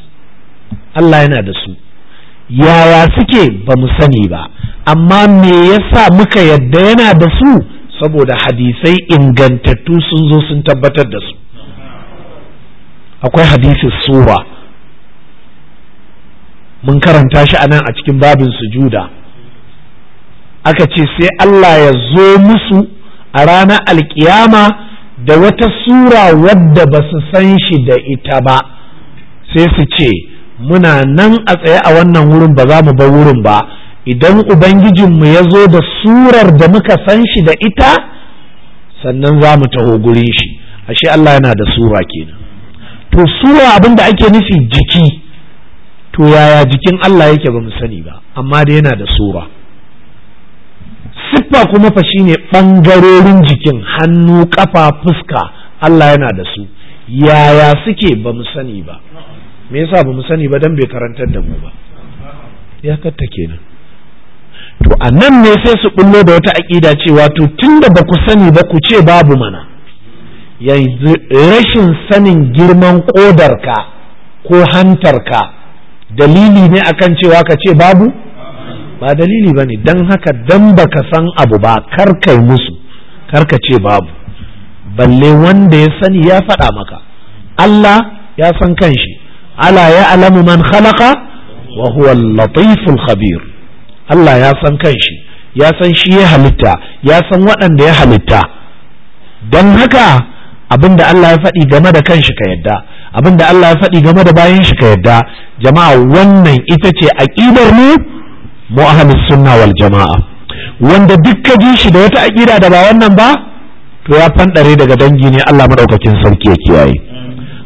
Allah yana da su yaya suke ba mu sani ba amma me yasa muka yadda yana da su saboda hadisai ingantattu sun zo sun tabbatar da su akwai hadisin sura mun karanta shi anan a cikin babin sujuda aka ce sai Allah ya zo musu a ranar alkiyama da wata sura wadda ba su san shi da ita ba sai su ce muna nan a tsaye a wannan wurin ba za mu bar wurin ba idan ubangijinmu ya zo da surar da muka san shi da ita sannan za mu taho gurin shi ashe Allah yana da sura kenan to sura abin da ake nufi jiki to yaya jikin Allah yake ba mu sani ba amma dai yana da sura siffa kuma fa shine ɓangarorin jikin hannu ƙafa fuska Allah yana da su yaya suke ba mu sani ba me yasa ba mu sani ba dan bai karantar da mu ba ya katta kenan to a nan ne sai su bullo da wata aƙida cewa to tunda ba ku sani ba ku ce babu mana yanzu rashin sanin girman ƙodarka ko hantarka dalili ne akan cewa ka ce babu ba dalili ba ne don haka don ka san abu ba karkai musu karka ce babu balle wanda ya sani ya faɗa maka Allah ya san kanshi ala ya alamu man khalaqa wa huwa latiful khabir Allah ya san kanshi ya san shi ya halitta ya san waɗanda ya halitta don haka abin Allah ya faɗi game da kanshi ka yadda abinda Allah ya faɗi game da bayan shi ka yadda jama'a wannan ita ce aƙidar mu mu ahlus sunna wal jama'a wanda duk ka ji shi da wata aqida da ba wannan ba to ya fandare daga dangi ne Allah madaukakin sarki ya kiyaye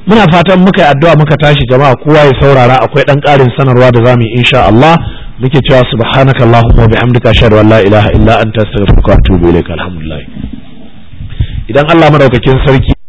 muna fatan muka yi addu'a muka tashi jama'a kowa ya saurara akwai dan karin sanarwa da zamu yi insha Allah muke cewa subhanakallahumma wa bihamdika ashhadu an la ilaha illa anta astaghfiruka wa atubu ilaik alhamdulillah idan Allah madaukakin sarki